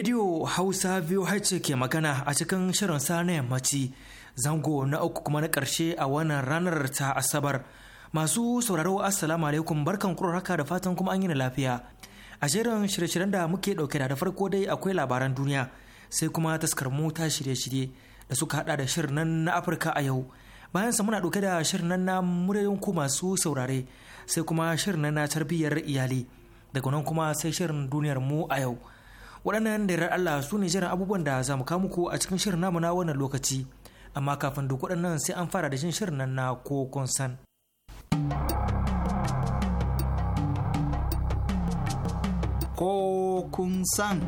Radio Hausa VOH ke magana a cikin shirin sa na yammaci zango na uku kuma na ƙarshe a wannan ranar ta Asabar. Masu sauraro Assalamu alaikum barkan haka da fatan kuma an yi lafiya. A shirin shirye-shiryen da muke ɗauke da farko dai akwai labaran duniya sai kuma taskar mota shirye-shirye da suka hada da shirin nan na Afirka a yau. Bayan sa muna ɗauke da shirin nan na muryoyin ku masu saurare sai kuma shirin nan na tarbiyyar iyali. Daga nan kuma sai shirin duniyar mu a yau. waɗannan da yarar Allah su ne jiran abubuwan da za mu kawo muku a cikin shirin namu na wannan lokaci amma kafin duk waɗannan sai an fara da jin shirin nan na ko konsan. Ko kun san.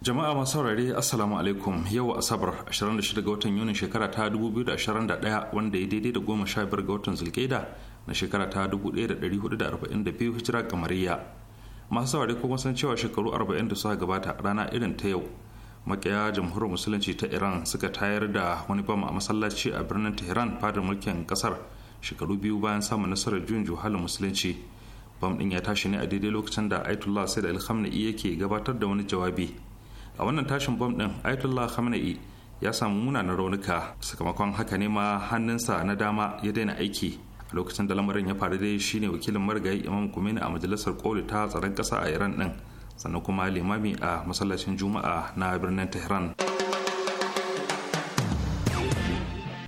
Jama'a masu saurare Assalamu alaikum yau Asabar 26 ga watan Yunin shekara ta 2021 wanda ya daidai da 15 ga watan Zulkaida na shekara ta 1442 hijira kamariya masu saurari kuma san cewa shekaru 40 da suka gabata a rana irin ta yau makiya jamhuriyar musulunci ta iran suka tayar da wani bam a masallaci a birnin tehran fadar mulkin kasar shekaru biyu bayan samun nasarar juyin juhalin musulunci bam din ya tashi ne a daidai lokacin da ayatollah sai da khamenei yake gabatar da wani jawabi a wannan tashin bam din ayatollah khamenei ya samu munanan raunuka sakamakon haka ne ma hannunsa na dama ya daina aiki a lokacin da lamarin ya faru dai shine wakilin marigayi imam kumeni a majalisar koli ta tsaron kasa a iran din sannan kuma limami a masallacin juma'a na birnin tehran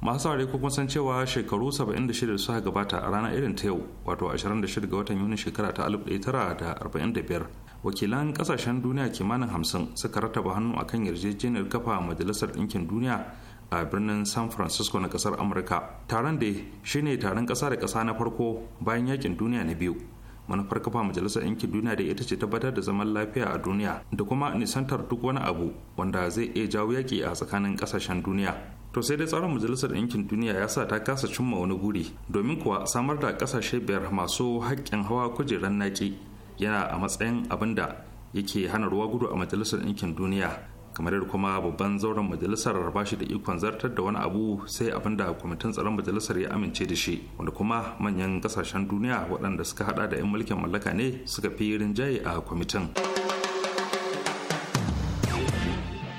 masu saurare ko san cewa shekaru 76 suka gabata a ranar irin ta yau wato 26 ga watan yuni shekara ta 1945 wakilan kasashen duniya kimanin 50 suka rataba hannu akan yarjejeniyar kafa majalisar ɗinkin duniya a birnin san francisco na kasar amurka taron da shine taron kasa da kasa na farko bayan yakin duniya na biyu manufar kafa majalisar yankin duniya da ita ce tabbatar da zaman lafiya a duniya da kuma nisantar duk wani abu wanda zai iya jawo yaƙi a tsakanin kasashen duniya to sai dai tsarin majalisar yankin duniya ya sa ta kasa cimma wani guri domin kuwa samar da ƙasashe biyar masu haƙƙin hawa kujeran naki yana a matsayin abin da yake hana ruwa gudu a majalisar yankin duniya kamar yadda kuma babban zauren majalisar ba shi da ikon zartar da wani abu sai abin da kwamitin tsaron majalisar ya amince da shi wanda kuma manyan kasashen duniya waɗanda suka hada da 'yan mulkin mallaka ne suka fi rinjaye a kwamitin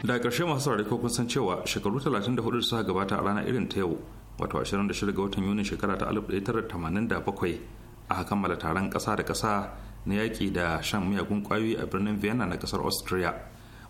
da ƙarshe masu saurari kun san cewa shekaru 34 da suka gabata a ranar irin ta yau wato 26 ga watan yuni shekara ta 1987 a kammala taron ƙasa da ƙasa na yaƙi da shan miyagun kwayoyi a birnin vienna na ƙasar austria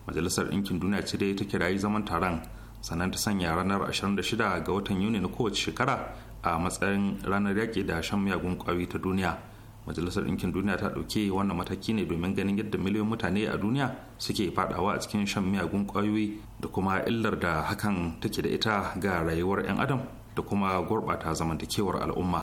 majalisar ɗinkin duniya ce dai ta kirayi zaman taron sannan ta sanya ranar 26 ga watan yuni na kowace shekara a matsayin ranar yaƙi da shan miyagun ƙwayoyi ta duniya majalisar ɗinkin duniya ta ɗauke wannan mataki ne domin ganin yadda miliyoyin mutane a duniya suke faɗawa a cikin shan miyagun ƙwayoyi da kuma illar da hakan take da ita ga rayuwar 'yan adam da kuma gurɓata zamantakewar al'umma.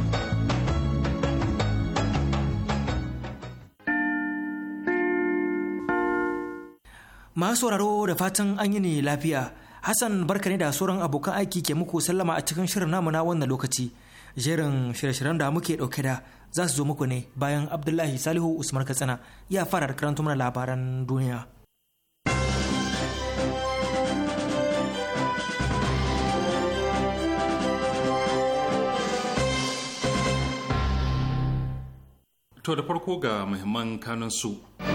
Masu sauraro da fatan an yi ne lafiya. Hassan barka ne da sauran abokan aiki ke muku sallama a cikin shirin namu na wannan lokaci. Jerin shirye-shiryen da muke ɗauke da za su zo muku ne bayan Abdullahi Salihu Usman Katsina ya fara da karanta mana labaran duniya. To da farko ga muhimman kanunsu. su.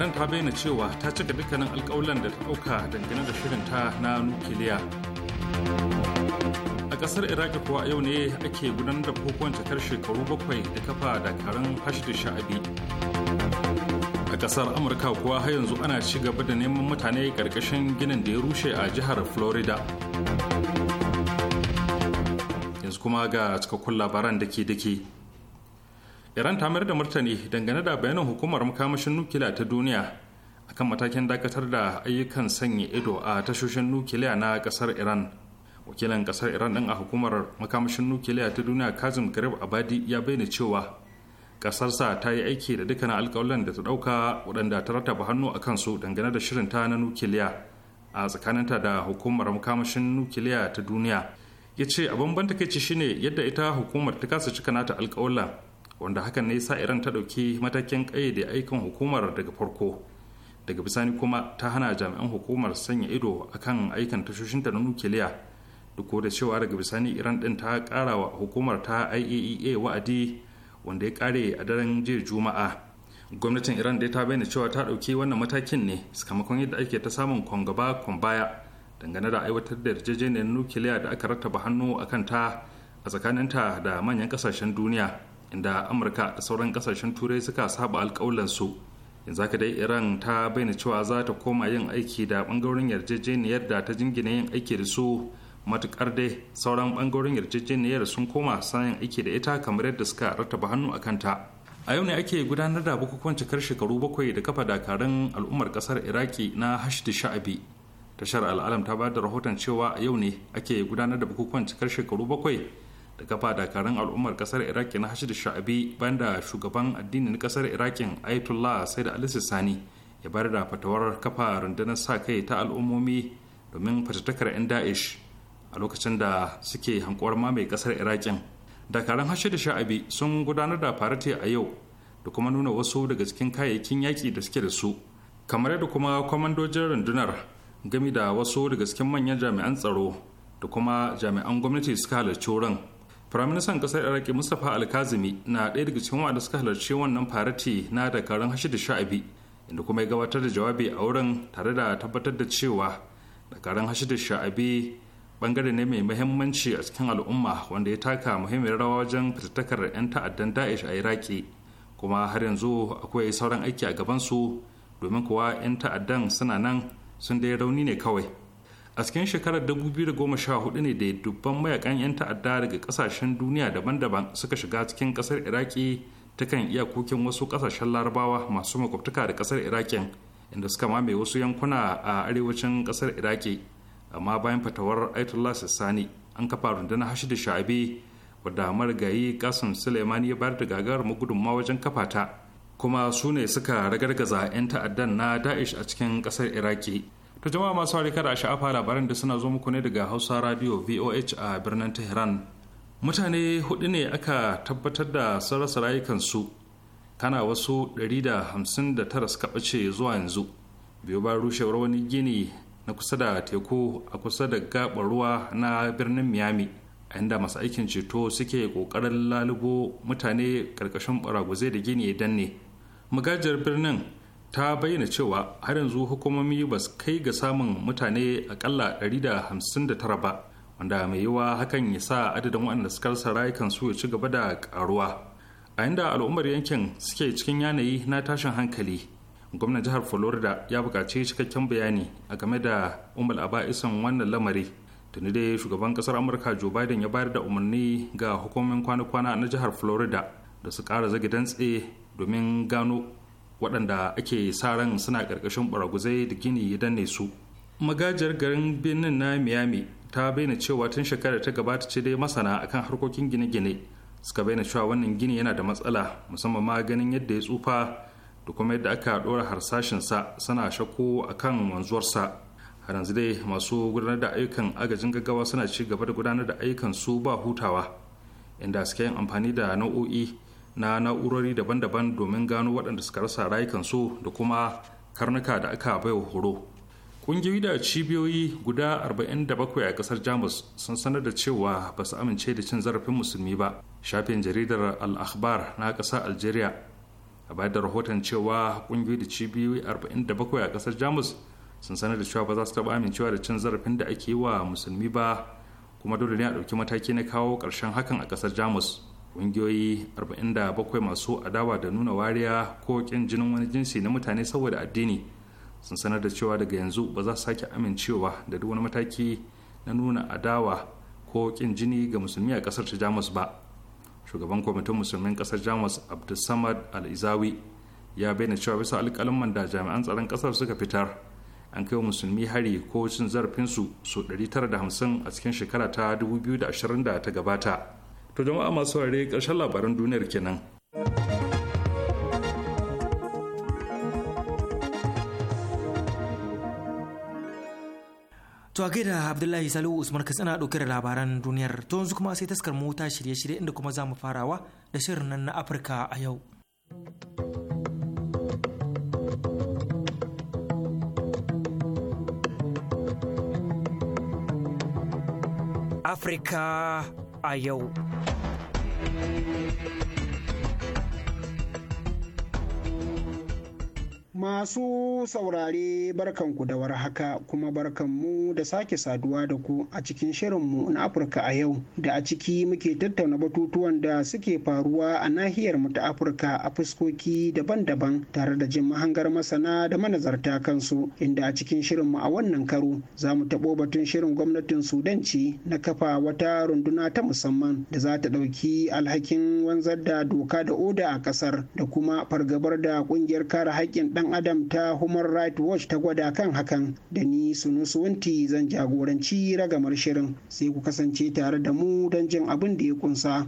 iran ta bayyana cewa ta cika dukkanin alkawalan da ta dauka dangane da ta na nukiliya a kasar iraki kuwa yau ne ake gudanar da kokon cikar shekaru bakwai da kafa dakarun da sha'abi a kasar amurka kuwa har yanzu ana ci gaba da neman mutane karkashin ginin da ya rushe a jihar florida yanzu kuma ga cikakkun labaran da ke dake iran ta mayar da martani dangane da bayanan hukumar makamashin nukiliya ta duniya akan matakin dakatar da ayyukan sanya ido a tashoshin nukiliya na kasar iran wakilin kasar iran din a hukumar makamashin nukiliya ta duniya kazim garib abadi ya bayyana cewa kasarsa ta yi aiki da dukkanin alkawalan da ta dauka waɗanda ta rataba hannu a kansu dangane da shirin ta na nukiliya a tsakaninta da hukumar makamashin nukiliya ta duniya ya ce abin ban takaici shine yadda ita hukumar ta kasa cika nata alkawalan wanda hakan ne sa iran ta ɗauki matakin ƙayyade aikin hukumar daga farko daga bisani kuma ta hana jami'an hukumar sanya ido akan aikin tashoshinta na nukiliya duk da cewa daga bisani iran din ta ƙara wa hukumar ta iaea e wa'adi wanda ya kare a daren jiya juma'a gwamnatin iran dai ta bayyana cewa ta ɗauki wannan matakin ne sakamakon yadda ake ta samun kwangaba baya dangane da aiwatar da yarjejeniyar nukiliya da aka rattaba hannu a kanta a tsakaninta da manyan kasashen duniya inda amurka da sauran kasashen turai suka saba alkawalansu yanzu haka dai iran ta bayyana cewa za ta koma yin aiki da bangaren yarjejeniyar da ta jingina yin aiki da su matukar dai sauran bangaren yarjejeniyar sun koma sayan aiki da ita kamar yadda suka rattaba hannu a kanta a yau ne ake gudanar da bukukuwan cikar shekaru bakwai da kafa dakarun al'ummar kasar iraki na hashdi sha'abi tashar al'alam ta bayar da rahoton cewa a yau ne ake gudanar da bukukuwan cikar shekaru bakwai da kafa dakarun al'ummar kasar iraki na da sha'abi bayan da shugaban addinin kasar irakin ayatollah sai da alisa sani ya bar da fatawar kafa rundunar sa kai ta al'ummomi domin fatattakar 'yan da'ish a lokacin da suke hankuwar mai kasar irakin dakarun da sha'abi sun gudanar da farati a yau da kuma nuna wasu daga cikin kayayyakin yaƙi da suke da su kamar yadda kuma kwamandojin rundunar gami da wasu daga cikin manyan jami'an tsaro da kuma jami'an gwamnati suka halarci wurin firaministan kasar iraki mustapha alkazimi na ɗaya daga cikin wanda suka halarci wannan farati na dakarun hashidu sha'abi inda kuma ya gabatar da jawabi a wurin tare da tabbatar da cewa dakarun hashidu sha'abi bangare ne mai muhimmanci a cikin al'umma wanda ya taka muhimmiyar rawa wajen fitattakar 'yan ta'addan da'ish a iraki kuma har yanzu akwai sauran aiki a gabansu domin kuwa 'yan ta'addan suna nan sun dai rauni ne kawai a cikin shekarar 2014 ne da dubban mayakan 'yan ta'adda daga kasashen duniya daban-daban suka shiga cikin kasar iraki ta kan iyakokin wasu kasashen larabawa masu makwabtaka da kasar iraki inda suka mame wasu yankuna a arewacin kasar iraki amma bayan fatawar aitullah sassani an kafa rundunar hashi da sha'abi wadda marigayi kasim suleimani ya bayar da gagarar gudunmawa wajen kafa ta kuma su ne suka ragargaza 'yan ta'addan na da'ish a cikin kasar iraki ta jama'a masu harika da sha'afa labaran da suna zo muku ne daga hausa radio voh a birnin tehran mutane hudu ne aka tabbatar da sarasa rayukansu kana wasu 159 suka ɓace zuwa yanzu biyu ba rushewar wani gini na kusa da teku a kusa da gabar ruwa na birnin miami a inda masu aikin ceto suke ƙoƙarin lalubo mutane ƙarƙashin ɓaraguzai da gini ya danne magajiyar birnin ta bayyana cewa har yanzu hukumomi ba su kai ga samun mutane akalla 159 ba wanda mai yiwa hakan ya sa adadin waɗanda suka rasa su ya ci gaba da karuwa a inda al'ummar yankin suke cikin yanayi na tashin hankali gwamnan jihar florida ya buƙaci cikakken bayani a game da umar aba'isan wannan lamari tuni dai shugaban ƙasar amurka joe biden ya bayar da umarni ga hukumomin kwana-kwana na jihar florida da su ƙara zagi dantse domin gano waɗanda ake sa ran suna ƙarƙashin baraguzai da gini ya danne su magajiyar garin birnin na miami ta bayyana cewa tun shekarar ta gabata ce dai masana akan harkokin gine-gine suka bayyana cewa wannan gini yana da matsala musamman ma ganin yadda ya tsufa da kuma yadda aka ɗora harsashinsa suna shakku akan wanzuwarsa har yanzu dai masu gudanar da ayyukan agajin gaggawa suna ci gaba da gudanar da ayyukan su ba hutawa inda suke yin amfani da nau'o'i na na'urori daban-daban domin gano waɗanda suka rasa rayukansu da kuma karnuka da aka bai wa horo ƙungiyoyi da cibiyoyi guda 47 a ƙasar jamus sun sanar da cewa ba su amince da cin zarafin musulmi ba shafin jaridar al na ƙasar algeria a bayar da rahoton cewa ƙungiyoyi da cibiyoyi 47 a ƙasar jamus sun sanar da cewa ba za su taɓa amincewa da cin zarafin da ake yi wa musulmi ba kuma dole ne a ɗauki mataki na kawo ƙarshen hakan a ƙasar jamus ƙungiyoyi 47 masu adawa da nuna wariya ko ƙin jinin wani jinsi na mutane saboda addini sun sanar da cewa daga yanzu ba za su sake amincewa da duk wani mataki na nuna adawa ko ƙin jini ga musulmi a kasar ta jamus ba shugaban kwamitin musulmin ƙasar jamus abdulsamad al-izawi ya bayyana cewa bisa alƙalin da jami'an tsaron ƙasar suka fitar an kai musulmi hari ko cin zarafinsu su 950 a cikin shekara ta 2020 da ta gabata to jama'a masu ware ƙarshen labaran duniyar kenan To a da Abdullahi Salihu Usman Katsina ɗauke da labaran duniyar to yanzu kuma sai taskar mota shirye-shirye inda kuma za mu farawa da shirin nan na Afirka a yau. Afirka a yau. We'll be right back. Masu saurare barkanku da war haka kuma barkanmu da sake saduwa da ku a cikin shirinmu na Afirka a yau da a ciki muke tattauna batutuwan da suke faruwa a nahiyar mu ta Afirka a fuskoki daban-daban tare da jin mahangar masana da manazarta kansu inda a cikin shirinmu a wannan karo za mu taɓo batun shirin gwamnatin Sudanci na kafa wata runduna ta musamman da za ta ɗauki alhakin wanzar da doka da oda a ƙasar da kuma fargabar da ƙungiyar kare haƙƙin ɗan adam ta human rights watch ta gwada kan hakan da ni suwanti zan jagoranci ragamar shirin sai ku kasance tare da mu don jin abin da ya kunsa.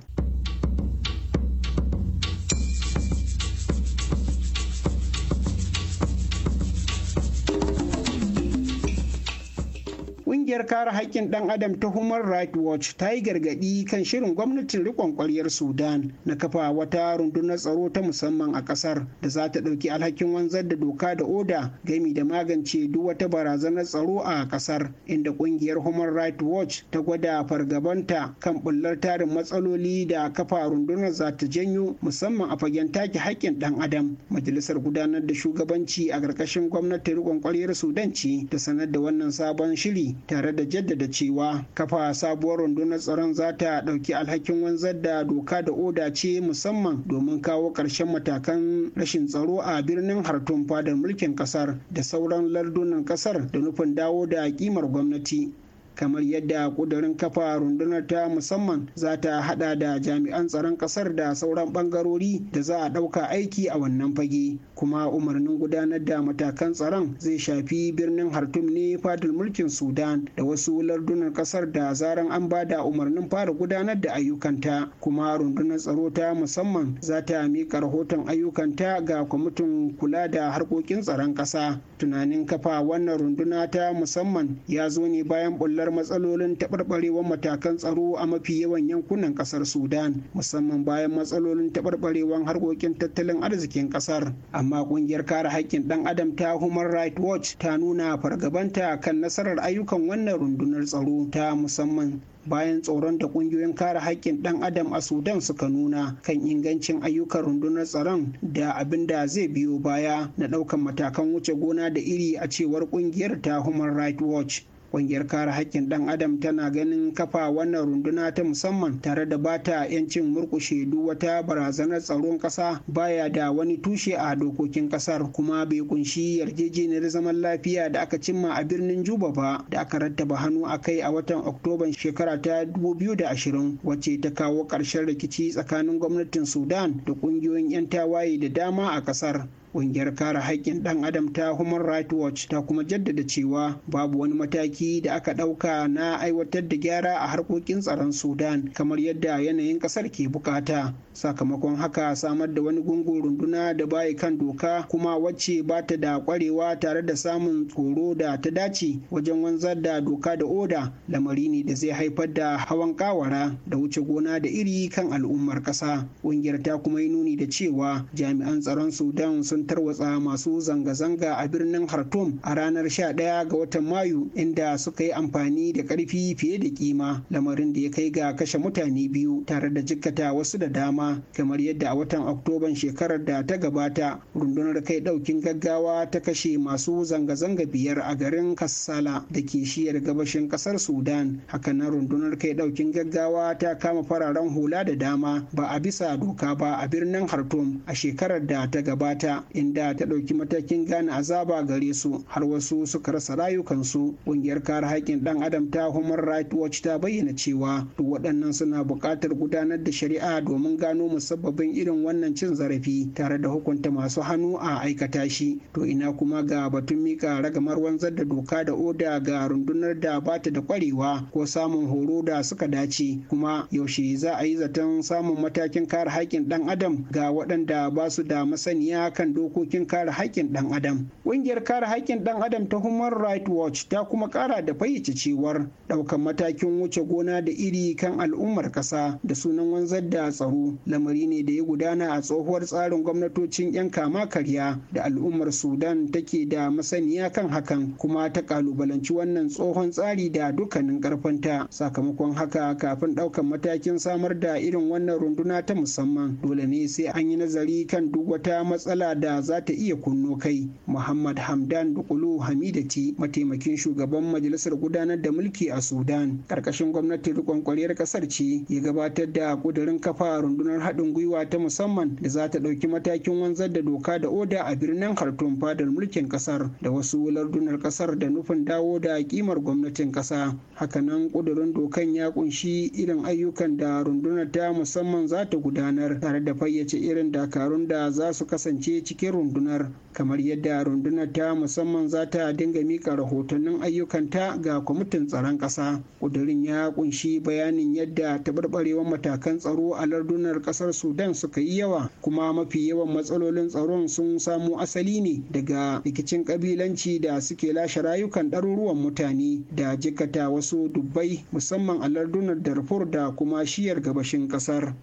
Ƙungiyar kare haƙƙin ɗan adam ta Human Rights Watch ta yi gargaɗi kan shirin gwamnatin riƙon ƙwaryar Sudan na kafa wata rundunar tsaro ta musamman a ƙasar da za ta ɗauki alhakin wanzar da doka da oda gami da magance duk wata barazanar tsaro a ƙasar inda ƙungiyar Human Rights Watch ta gwada fargabanta kan bullar tarin matsaloli da kafa rundunar za ta janyo musamman a fagen take haƙƙin ɗan adam. Majalisar gudanar da shugabanci a ƙarƙashin gwamnatin riƙon ƙwaryar Sudan ce ta sanar da wannan sabon shiri ta tare da jaddada cewa kafa sabuwar rundunar tsaron za ta ɗauki alhakin wanzar da doka da oda ce musamman domin kawo ƙarshen matakan rashin tsaro a birnin hartun fadar mulkin ƙasar da sauran lardunan ƙasar da nufin dawo da kimar gwamnati kamar yadda kudurin kafa rundunar ta musamman za ta hada da jami'an tsaron kasar da sauran bangarori da za a dauka aiki a wannan fage kuma umarnin gudanar da matakan tsaron zai shafi birnin hartum ne fadil mulkin sudan da wasu lardunan kasar da zaran an ba da umarnin fara gudanar da ayyukanta kuma rundunar tsaro ta musamman za ta miƙa rahoton ayyukanta ga kwamitin kula da harkokin tsaron ƙasa tunanin kafa wannan runduna ta musamman ya zo ne bayan bullar bullar matsalolin taɓarɓarewar matakan tsaro a mafi yawan yankunan ƙasar sudan musamman bayan matsalolin taɓarɓarewar harkokin tattalin arzikin ƙasar amma ƙungiyar kare haƙƙin ɗan adam ta human right watch ta nuna fargabanta kan nasarar ayyukan wannan rundunar tsaro ta musamman bayan tsoron da ƙungiyoyin kare haƙƙin ɗan adam a sudan suka nuna kan ingancin ayyukan rundunar tsaron da abin da zai biyo baya na ɗaukan matakan wuce gona da iri a cewar ƙungiyar ta human right watch ƙungiyar kare haƙƙin ɗan adam tana ganin kafa wannan runduna ta musamman tare da bata yancin murƙushe duk wata barazanar tsaron ƙasa baya da wani tushe a dokokin ƙasar kuma bai kunshi yarjejeniyar zaman lafiya da aka cimma a birnin juba ba da aka rattaba hannu a kai a watan oktoban shekara ta 2020 wacce ta kawo ƙarshen rikici tsakanin gwamnatin sudan da ƙungiyoyin 'yan tawaye da dama a ƙasar ƙungiyar kare haƙƙin ɗan adam ta human rights watch ta kuma jaddada cewa babu wani mataki da aka ɗauka na aiwatar da gyara a harkokin tsaron sudan kamar yadda yanayin ƙasar ke bukata sakamakon haka samar da wani gungun runduna da baya kan doka kuma wacce ba ta da ƙwarewa tare da samun tsoro da ta dace wajen wanzar da doka da oda lamari ne da zai haifar da hawan kawara da wuce gona da iri kan al'ummar ƙasa ƙungiyar ta kuma yi nuni da cewa jami'an tsaron sudan sun don tarwatsa masu zanga-zanga a birnin Khartoum a ranar 11 ga watan Mayu inda suka yi amfani da karfi fiye da kima lamarin da ya kai ga kashe mutane biyu tare da jikkata wasu da dama kamar yadda a watan Oktoban shekarar da ta gabata rundunar kai ɗaukin gaggawa ta kashe masu zanga-zanga biyar a garin Kassala da ke shiyar gabashin ƙasar Sudan hakanan rundunar kai ɗaukin gaggawa ta kama fararen hula da dama ba a bisa doka ba a birnin Khartoum a shekarar da ta gabata inda ta ɗauki matakin gane azaba gare su har wasu suka rasa rayukansu ƙungiyar kare haƙƙin ɗan adam ta human rights watch ta bayyana cewa duk waɗannan suna buƙatar gudanar da shari'a domin gano musabbabin irin wannan cin zarafi tare da hukunta masu hannu a aikata shi to ina kuma ga batun mika ragamar wanzar da doka da oda ga rundunar da bata da ƙwarewa ko samun horo da suka dace kuma yaushe za a yi zaton samun matakin kare haƙƙin ɗan adam ga waɗanda ba su da masaniya kan dokokin kare haƙƙin ɗan adam ƙungiyar kare haƙƙin ɗan adam ta human rights watch ta kuma ƙara da fayyace cewar ɗaukan matakin wuce gona da iri kan al'ummar ƙasa da sunan wanzar da tsaro lamari ne da ya gudana a tsohuwar tsarin gwamnatocin 'yan kama karya da al'ummar sudan take da masaniya kan hakan kuma ta ƙalubalanci wannan tsohon tsari da dukkanin ƙarfinta sakamakon haka kafin ɗaukan matakin samar da irin wannan runduna ta musamman dole ne sai an yi nazari kan duk wata matsala da za ta iya kunno kai muhammad hamdan dukulu hamidati mataimakin shugaban majalisar gudanar da mulki a sudan karkashin gwamnatin rikon ƙasar kasar ce ya gabatar da ƙudirin kafa rundunar haɗin gwiwa ta musamman da za ta ɗauki matakin wanzar da doka da oda a birnin khartoum fadar mulkin kasar da wasu lardunar kasar da nufin dawo da kimar gwamnatin kasa hakanan ƙudirin dokan ya kunshi irin ayyukan da rundunar ta musamman za ta gudanar tare da fayyace irin dakarun da za su kasance ciki. cikin rundunar kamar yadda rundunar ta musamman za ta dinga mika rahotannin ayyukanta ga kwamitin tsaron ƙasa ƙudurin ya kunshi bayanin yadda taɓarɓarewar matakan tsaro a lardunar ƙasar sudan suka yi yawa kuma mafi yawan matsalolin tsaron sun samu asali ne daga rikicin ƙabilanci da suke lashe rayukan ɗaruruwan mutane da jikata wasu dubbai musamman a lardunar darfur da kuma shiyar gabashin ƙasar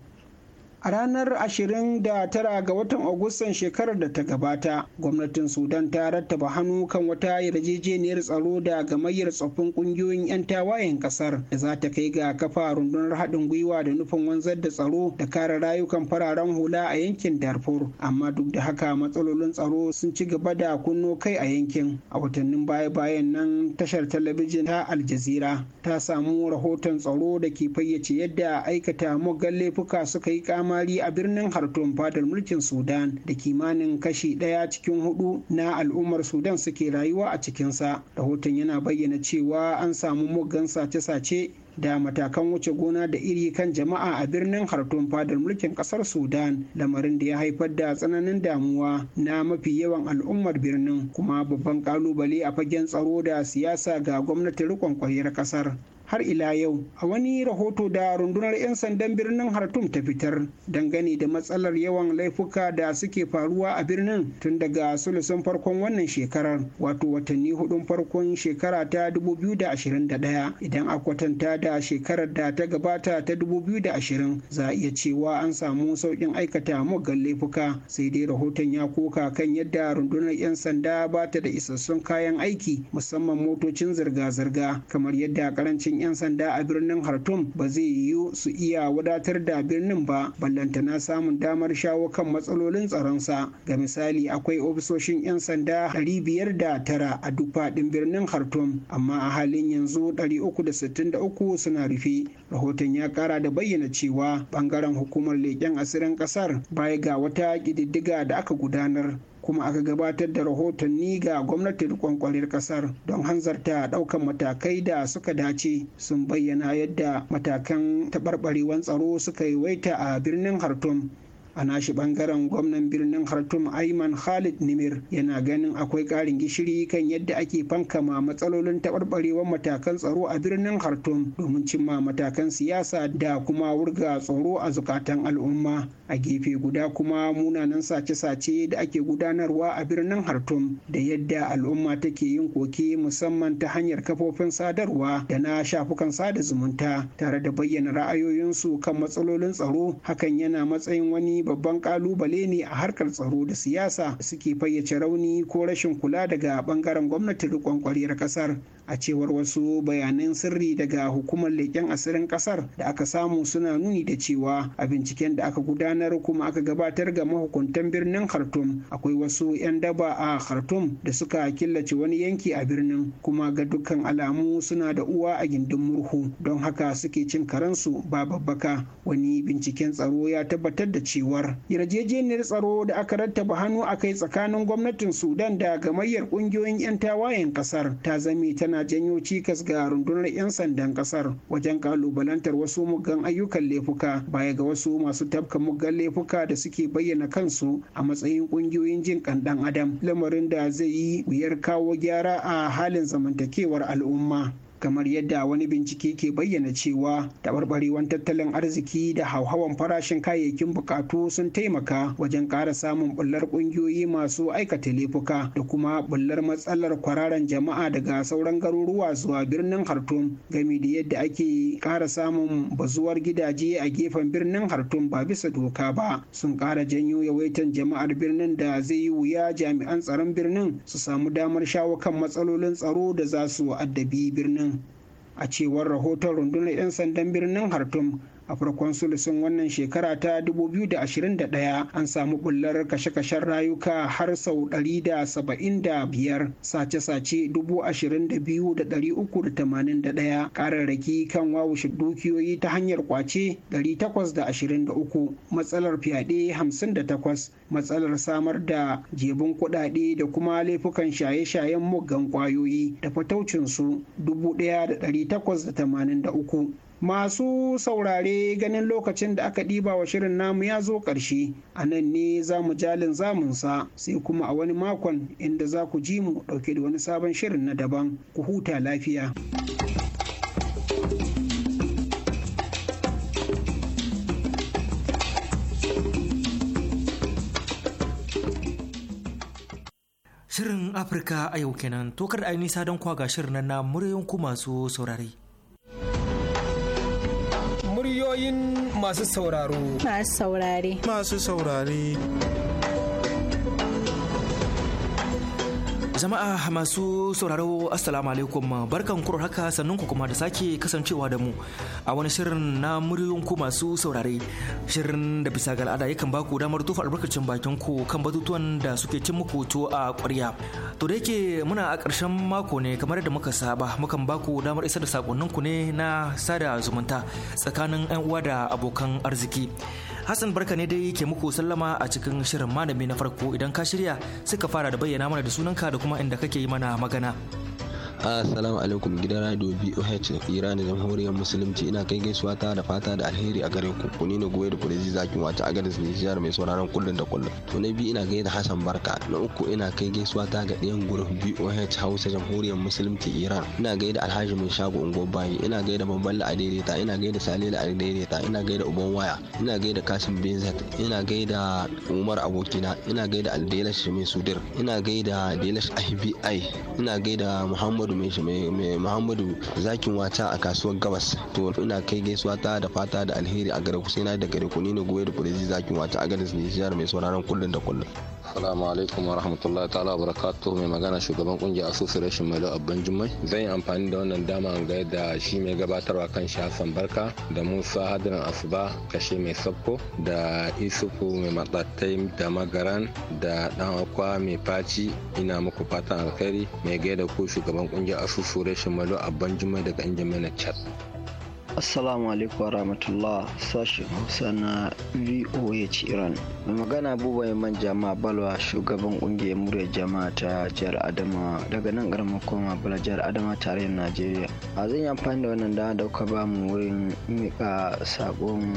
A ranar 29 ga watan Agustan shekarar da ta gabata, gwamnatin Sudan ta rattaba hannu kan wata yarjejeniyar tsaro da gamayyar tsoffin kungiyoyin 'yan tawayen kasar da za ta kai ga kafa rundunar haɗin gwiwa da nufin wanzar da tsaro da kare rayukan fararen hula a yankin Darfur. Amma duk da haka matsalolin tsaro sun ci gaba da kunno kai a yankin. A watannin baya-bayan nan tashar talabijin ta Aljazira ta samu rahoton tsaro da ke fayyace yadda aikata muggan laifuka suka yi kama kamari a birnin Khartoum fadar mulkin Sudan da kimanin kashi ɗaya cikin hudu na al'ummar Sudan suke rayuwa a cikinsa. Rahoton yana bayyana cewa an samu muggan sace-sace da matakan wuce gona da iri kan jama'a a birnin Khartoum fadar mulkin kasar Sudan lamarin da ya haifar da tsananin damuwa na mafi yawan al'ummar birnin kuma babban kalubale a fagen tsaro da siyasa ga gwamnatin rikon kwayar kasar har ila yau a wani rahoto da rundunar 'yan sandan birnin hartum ta fitar dangane da matsalar yawan laifuka da suke faruwa a birnin tun daga sulusun farkon wannan shekarar wato watanni hudun farkon shekara ta 2021 idan a kwatanta da shekarar da ta gabata ta 2020 za a iya cewa an samu sauƙin aikata muggan laifuka sai dai rahoton ya koka kan yadda rundunar 'yan sanda ba ta da isassun kayan aiki musamman motocin zirga-zirga kamar yadda karancin 'yan sanda a birnin Khartoum ba zai yiwu su iya wadatar da birnin ba ballantana samun damar shawo kan matsalolin sa Ga misali akwai ofisoshin 'yan sanda biyar da tara a duk faɗin birnin Khartoum amma a halin yanzu 363 suna rufe. Rahoton ya kara da bayyana cewa bangaren hukumar leƙen asirin ƙasar baya ga wata ƙididdiga da aka gudanar kuma aka gabatar da rahoton ni ga gwamnatin kwankwarir kasar don hanzarta ɗaukan matakai da suka dace sun bayyana yadda matakan taɓarɓarewan tsaro suka yi waita a birnin hartum a nashi bangaren gwamnan birnin hartum ayman khalid nimir yana ganin akwai ƙarin gishiri kan yadda ake fankama matsalolin taɓarɓarewar matakan tsaro a birnin hartum domin cimma matakan siyasa da kuma wurga tsaro a zukatan al'umma a gefe guda kuma munanan sace-sace da ake gudanarwa a birnin hartum da yadda al'umma take yin koke musamman ta hanyar kafofin sadarwa da na shafukan sada zumunta tare da bayyana ra'ayoyinsu kan matsalolin tsaro hakan yana matsayin wani babban kalubale ne a harkar tsaro da siyasa suke fayyace rauni ko rashin kula daga bangaren gwamnatin riƙon ƙwaryar ƙasar a cewar wasu bayanan sirri daga hukumar leƙen asirin ƙasar da aka samu suna nuni da cewa a binciken da aka gudanar kuma aka gabatar ga mahukuntan birnin khartoum akwai wasu 'yan daba a khartoum da suka killace wani yanki a birnin kuma ga dukkan alamu suna da uwa a gindin murhu don haka suke cin karansu ba babbaka wani binciken tsaro ya tabbatar da cewar yarjejeniyar tsaro da aka rattaba hannu a kai tsakanin gwamnatin sudan da gamayyar ƙungiyoyin 'yan tawayen ƙasar ta zame tana yana janyo cikas ga rundunar 'yan sandan kasar wajen kalubalantar wasu muggan ayyukan laifuka baya ga wasu masu tabka muggan laifuka da suke bayyana kansu a matsayin kungiyoyin jin kan dan adam lamarin da zai yi wuyar kawo gyara a halin zamantakewar al'umma kamar yadda wani bincike ke bayyana cewa tabarbarewan tattalin arziki da hauhawan farashin kayayyakin bukatu sun taimaka wajen ƙara samun bullar ƙungiyoyi masu aikata laifuka da kuma bullar matsalar kwararan jama'a daga sauran garuruwa zuwa birnin hartum gami da yadda ake ƙara samun bazuwar gidaje a gefen birnin hartum ba bisa doka ba sun ƙara janyo yawaitan jama'ar birnin da zai yi wuya jami'an tsaron birnin su samu damar shawo kan matsalolin tsaro da za su addabi birnin a cewar rahoton rundunar 'yan sandan birnin hartum a farkon sulusun wannan shekara ta 2021 an samu bullar kashe-kashen rayuka har sau 175 sace-sace 22,381 Ƙararraki kan wawushe dukiyoyi ta hanyar kwace 823 matsalar fyaɗe 58 matsalar samar da jebin kuɗaɗe da kuma laifukan shaye-shayen muggan kwayoyi da fataucinsu 1883 masu saurare ganin lokacin da aka ɗiba wa shirin namu ya zo ƙarshe a nan ne za mu jalin zamunsa sai kuma a wani makon inda za ku ji mu ɗauke da wani sabon shirin na daban ku huta lafiya. Shirin Afirka a yau kenan tokar yi nisa don kwaga shirin na muryoyin ku masu saurare. ra'ayoyin masu sauraro. Masu saurare. Masu Jama'a masu sauraro Assalamu alaikum barkan kurar haka sannan ku kuma da sake kasancewa da mu a wani shirin na muryoyin masu saurare shirin da bisa ga al'ada yakan baku damar tufa albarkacin bakin ku kan batutuwan da suke cin muku to a ƙwarya. To da yake muna a ƙarshen mako ne kamar yadda muka saba mukan baku damar isar da sakonnin ku ne na sada zumunta tsakanin 'yan uwa da abokan arziki. Hassan barka ne dai ke muku sallama a cikin shirin malami na farko idan ka shirya sai ka fara da bayyana mana da sunanka da kuma kuma inda kake yi mana magana Assalamu alaikum gidan radio BOH Iran da Jamhuriyar Musulunci ina kai gaisuwa ta da fata da alheri a gare ku. Kuni ne goye da kurezi zakin wata a garin Nijar mai sauraron kullun da kullun. To na biyu ina gaida Hassan Barka. Na uku ina kai gaisuwa ta ga ɗiyan gurin BOH Hausa Jamhuriyar Musulunci Iran. Ina gaida Alhaji mai shago ungo bayi. Ina gaida Baballa a daidaita. Ina gaida Salila a daidaita. Ina gaida Uban waya. Ina gaida Kasim Benzat. Ina gaida Umar abokina. Ina gaida Aldelash mai sudir. Ina gaida Delash IBI. Ina gaida Muhammad muhammadu mai shi mai muhammadu zakin wata a kasuwar gabas to ina kai gaisuwa ta da fata da alheri a gare ku sai na da gare ku ni ne gobe da kurezi zakin wata a garin jihar mai sauraron kullun da kullun Salamu alaikum wa rahmatullahi ta'ala wa barakatuhu mai magana shugaban kungiyar association mai lau abban jummai. Zan yi amfani da wannan dama ga gaya da shi mai gabatarwa kan shi Hassan Barka da Musa hadirin Asuba kashe mai sabko da Isufu mai matsatai da magaran da dan akwa mai faci ina muku fatan alkhairi mai gaida da ku shugaban kungiyar association mai lau abban jummai daga injin mai na chat. Assalamu alaikum warahmatullah sashen Hausa na ci Iran. Mai magana Buba man Jama'a Balwa shugaban kungiyar murya jama'a ta jihar Adama daga nan karamar koma Bala jihar Adama tare da Najeriya. A zan yi amfani da wannan da dauka ba mu wurin mika sakon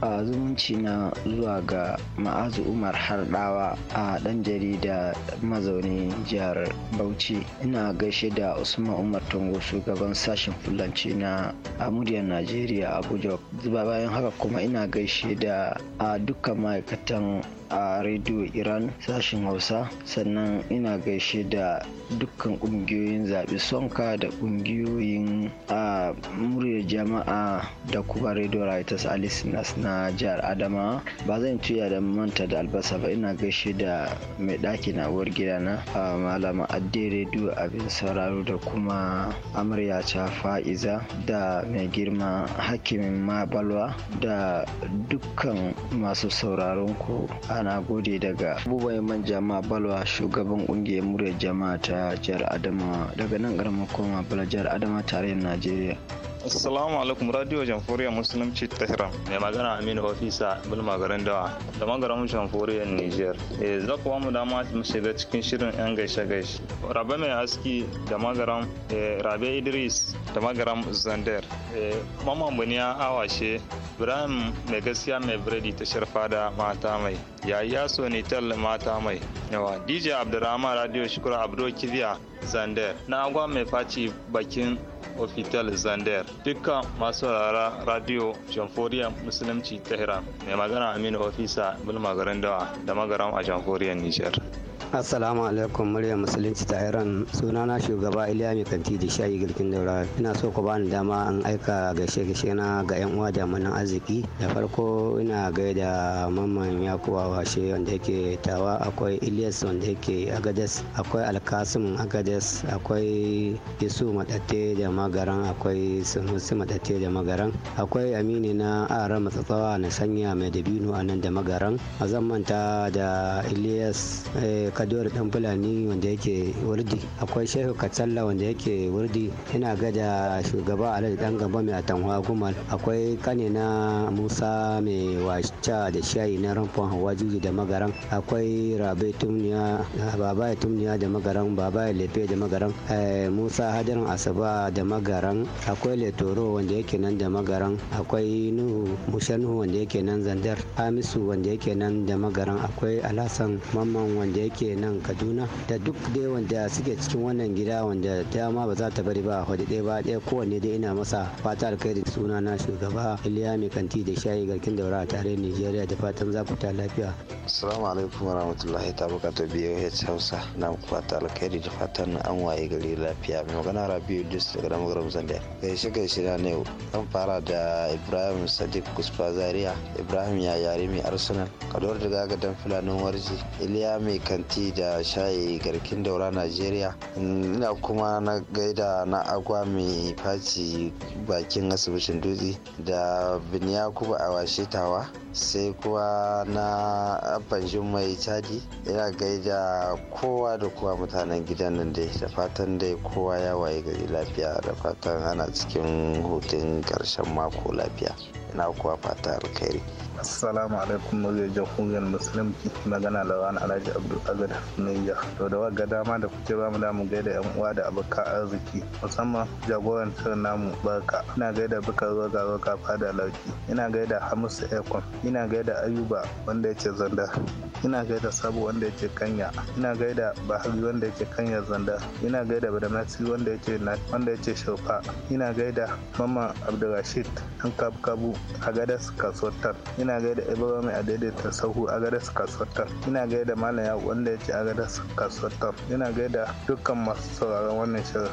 a zumunci na zuwa ga ma'azu Umar harɗawa a dan jarida mazaunin jihar Bauchi. Ina gaishe da Usman Umar Tango shugaban sashen Fulanci na a muryar Najeriya. najeriya abuja bayan haka kuma ina gaishe da a dukkan ma'aikatan a rediyo iran sashen hausa sannan ina gaishe da dukkan ƙungiyoyin zaɓi sonka da ƙungiyoyin a muryar jama'a da kuma rediyo writers alice na jihar adama ba zan tuya da manta da albasa ba ina gaishe da mai ɗaki na uwar na a malama adde rediyo abin sauraro da kuma amarya ta fa'iza da mai girma hakimin mabalwa da dukkan masu sauraron ku a ana gode daga abubuwan manja ma balwa shugaban kungiyar muryar jama'a ta jihar adama daga nan karamar koma bala jihar adama tarayyar najeriya Assalamu alaikum Radio Jamhuriyar Musulunci Tehran. Mai magana Aminu Ofisa Bulma garin Dawa da magaran Jamhuriyar Niger. Eh za ku mu dama mu shiga cikin shirin yan gaishe gaishe. Rabe mai aski da magaram. Eh, Rabe Idris da magaram Zander. Eh, Mama Buniya Awashe Ibrahim mai gaskiya mai biredi ta sharfa da mata mai. yayi ne Sonitel mata mai. Yawa DJ Abdurrahman Radio Shukura Abdo Kiziya. zander na agwa mai faci bakin ofital zander dukkan masu rara radio jamhuriyar musulunci tehran mai magana aminu ofisa bulmagarin dawa da magaram a jamhuriyar nijar assalamu alaikum murya musulunci ta iran sunana shugaba iliya mai kanti da shayi girkin daura ina so ku bani dama an aika gaishe gaishe na ga yan uwa jami'an arziki da farko ina gaida mamman kuwa washe wanda yake tawa akwai ilyas wanda yake agades akwai alkasim agades akwai isu madatte da magaran akwai sunusi madatte da magaran akwai amini na ara matsatsawa na sanya mai dabino anan da magaran a zan manta da ilyas eh, kaduwar dan fulani wanda yake wurdi akwai shehu katsalla wanda yake wurdi ina gada shugaba alhaji dan gaba mai atanwa gumal akwai kane na musa mai wacca da shayi na rumfan hawa juji da magaran akwai rabe tumniya babaye tumniya da magaran babaye lefe da magaran eh, musa hadarin asaba da magaran akwai letoro wanda yake nan da magaran akwai nuhu nuhu wanda yake nan zandar hamisu wanda yake nan da magaran akwai alhassan mamman wanda yake yake nan kaduna da duk dai wanda suke cikin wannan gida wanda dama ba za ta bari ba hudu ɗaya ba ɗaya kowanne dai ina masa fata alkhairi suna na shugaba iliya mai kanti da shayi garkin daura a tarayyar nigeria da fatan za ku ta lafiya assalamu alaikum warahmatullahi ta bukata biyu hausa na fata alkhairi da fatan an waye gari lafiya mai magana rabiu idris daga damagaram zambia gaishe gaishe na ne an fara da ibrahim sadiq kusfa zaria ibrahim ya yare mai arsenal kadawar da gagadan filanin warji iliya mai kanti kanti da shayi garkin daura najeriya ina kuma na gaida na agwa mai faci bakin asibitin dutse da biniya kuba a tawa. sai kuwa na abban mai cadi ina gaida kowa da kowa mutanen gidan nan dai da fatan dai kowa ya waye gari lafiya da fatan ana cikin hutun karshen mako lafiya na kuwa fata alkhairi assalamu alaikum mazai jamhuriyar musulunci magana da wani alhaji abdul agad nija to da waga dama da kuke bamu damu gaida yan uwa da abokan arziki musamman jagoran namu barka ina gaida bukar roga roga fada lauki ina gaida hamisu ekon ina gaida ayuba wanda yake zanda ina gaida sabo wanda yake kanya ina gaida bahari wanda yake kanya zanda ina gaida badamasi wanda yake wanda yake shofa ina gaida mama abdulrashid an kabu kabu a gadas kasuwar ina gaida ibrahim a ta sahu a gadas kasuwar ina gaida malam wanda yake a gadas kasuwar ina gaida dukkan masu sauraron wannan shirin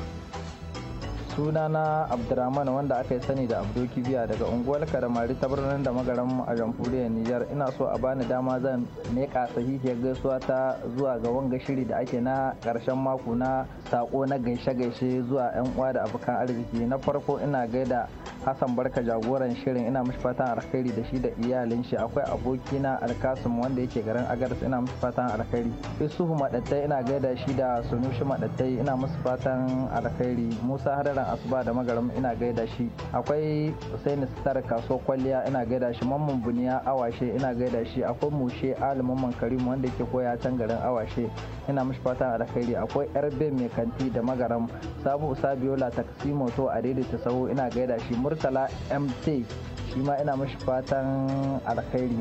suna na abdurrahman wanda aka yi sani da abdo kibiya daga unguwar karamari ta birnin da magaran a jamhuriyar nijar ina so a bani dama zan meka sahihiyar gaisuwa ta zuwa ga wanga shiri da ake na karshen mako na sako na gaishe-gaishe zuwa yan uwa da abokan arziki na farko ina gaida hassan barka jagoran shirin ina mishi fatan alkhairi da shi da iyalin shi akwai abokina alkasum wanda yake garin agaris ina mishi fatan alkhairi isuhu madattai ina gaida shi da sunushi madattai ina musu fatan alkhairi musa hadaran asuba da magaram ina gaida shi akwai husaini Sitar kaso kwalliya ina gaida shi Mamman Buniya Awashe ina gaida shi akwai Mushe Ali Mamman Karim wanda yake koya can garin Awashe ina mishi a alkhairi akwai Erbe mai kanti da magaram Sabu Usabiola Taksimo to a ta sahu ina gaida shi Murtala MT shi ma ina mishi fatan alkhairi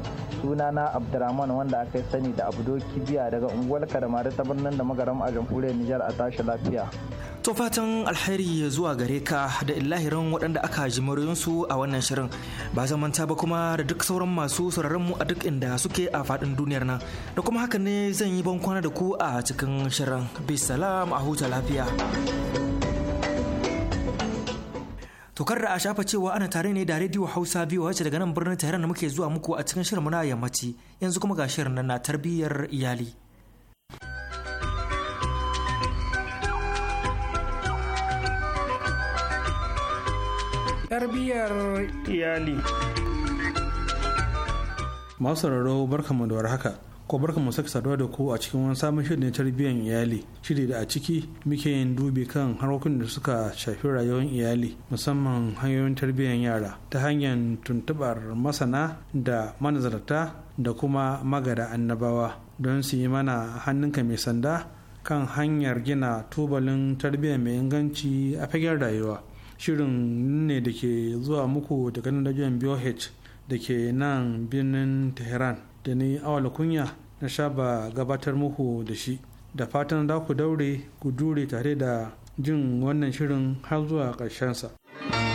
na abdurrahman wanda aka sani da abdo biya daga unguwar kadamari ta birnin da magaram a jamhuriyar nijar a tashi lafiya To fatan alheri zuwa gare ka da illahirin waɗanda aka ji su a wannan shirin ba manta ba kuma da duk sauran masu sauraron mu a duk inda suke a faɗin duniyar nan da kuma haka ne zan yi bankwana da ku a cikin shirin bisalam a huta lafiya. Tokar da a shafa cewa ana tare ne da rediyo Hausa biyu wacce daga nan birnin Tehran muke zuwa muku a cikin shirin muna yammaci yanzu kuma ga shirin na tarbiyyar iyali. tarbiyyar iyali masu sauraro mu da haka, ko barka mu sake saduwa da ku a cikin wani samun shirin na tarbiyyar iyali shiri da a ciki muke yin dubi kan harkokin da suka shafi rayuwar iyali musamman hanyoyin tarbiyyar yara ta hanyar tuntubar masana da manazarta da kuma magada annabawa don su yi mana hannunka mai sanda kan hanyar gina tubalin tarbiyyar mai inganci a fagen rayuwa shirin ne da ke zuwa muku daga nan rajon BOH da ke nan birnin Tehran da ni awala kunya na shaba gabatar muku da shi da fatan za ku daure ku dure tare da jin wannan shirin har zuwa ƙarshensa. sa.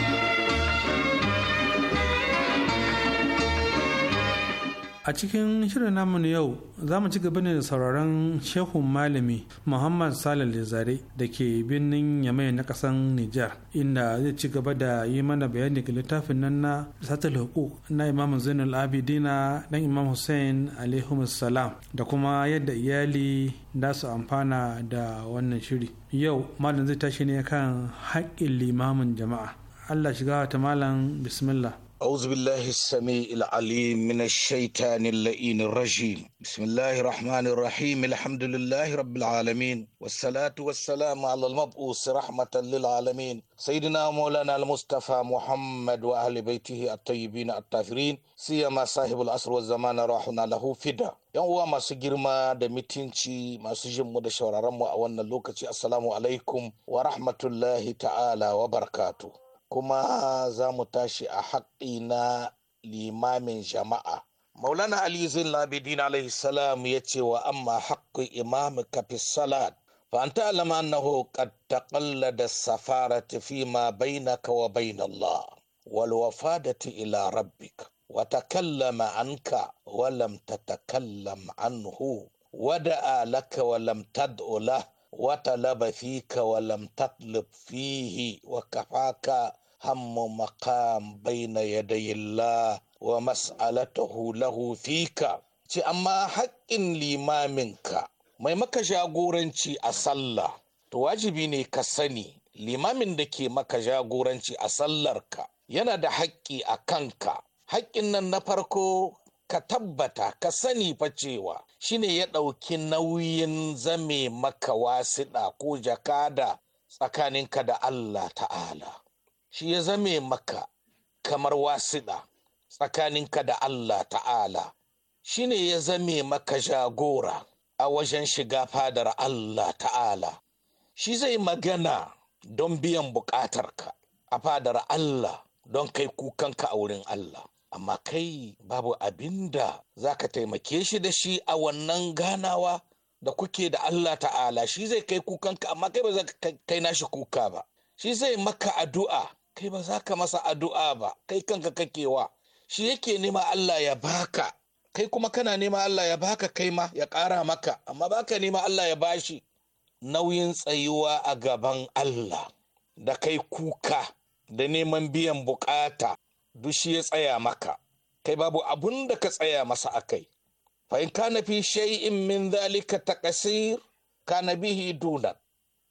a cikin shirin namu yau za mu ci gaba ne da sauraron shehun malami muhammad salal zare da ke birnin yamai na kasan nijar inda zai ci gaba da yi mana bayani ga littafin nan na satul hukuk na imam zainul abidina dan imam hussein alaihimus salam da kuma yadda iyali da su amfana da wannan shiri yau malam zai tashi ne kan haƙƙin limamin jama'a allah shiga ta malam bismillah أعوذ بالله السميع العليم من الشيطان اللئين الرجيم بسم الله الرحمن الرحيم الحمد لله رب العالمين والصلاة والسلام على المبعوث رحمة للعالمين سيدنا مولانا المصطفى محمد وأهل بيته الطيبين الطاهرين سيما صاحب العصر والزمان راحنا له فدا yan uwa masu girma da mitinci masu jin mu da shauraron mu a wannan lokaci assalamu alaikum wa rahmatullahi ta'ala wa barkatu. kuma za mu tashi a haƙƙi na limamin jama'a maulana ali zin labidin alaihi salam ya ce wa amma haƙƙin imam kafi salat fa an ta'lama annahu qad taqallada safarati fi ma bainaka wa bain Allah wal wafadati ila rabbik wa takallama anka wa lam tatakallam anhu wada'a laka wa lam tad'u lahu وطلب فيك ولم تطلب فيه وكفاك هم مقام بين يدي الله ومسألته له فيك ce amma haƙƙin limaminka mai maka jagoranci a sallah to wajibi ne ka sani limamin da ke maka jagoranci a sallarka yana da haƙƙi a kanka haƙƙin nan na farko ka tabbata ka sani fa cewa shine ya ɗauki nauyin zame maka wasiɗa ko jakada tsakaninka da Allah ta'ala shi ya zame maka kamar wasiɗa tsakaninka da Allah ta'ala shi ne ya zame maka jagora a wajen shiga fadar Allah ta'ala shi zai magana don biyan buƙatarka a fadar Allah don kai kukanka a wurin Allah amma kai babu abinda da za ka taimake shi da shi a wannan ganawa da kuke da Allah ta'ala shi zai kai kukanka amma kai ba za ka kai nashi kuka ba shi zai maka addu'a kai ba za ka masa addu'a ba kai kanka kake wa shi yake nema Allah ya baka kai kuma kana nema Allah ya baka kai ma ya ƙara maka amma baka nema Allah ya bashi nauyin tsayuwa a gaban Allah da kai kuka da neman biyan bukata duk shi ya tsaya maka kai babu abun da ka tsaya masa a kai fa in kana fi shay'in min dhalika taqsir kana bihi dunan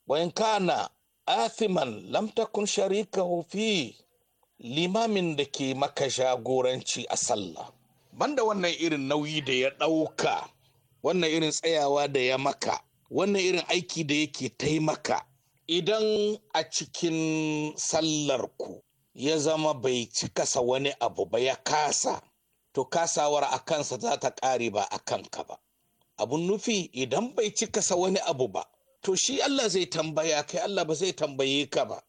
wa in kana athiman lam takun sharikahu fi limamin da ke maka jagoranci a sallah banda wannan irin nauyi da ya ɗauka wannan irin tsayawa da ya maka wannan irin aiki da yake taimaka idan a cikin sallar ku ya zama bai cikasa wani abu ba ya kasa to kasawar a kansa za ta ƙare ba a kanka ba abun nufi idan bai cikasa wani abu ba to shi Allah zai tambaya kai Allah ba zai tambaye ka ba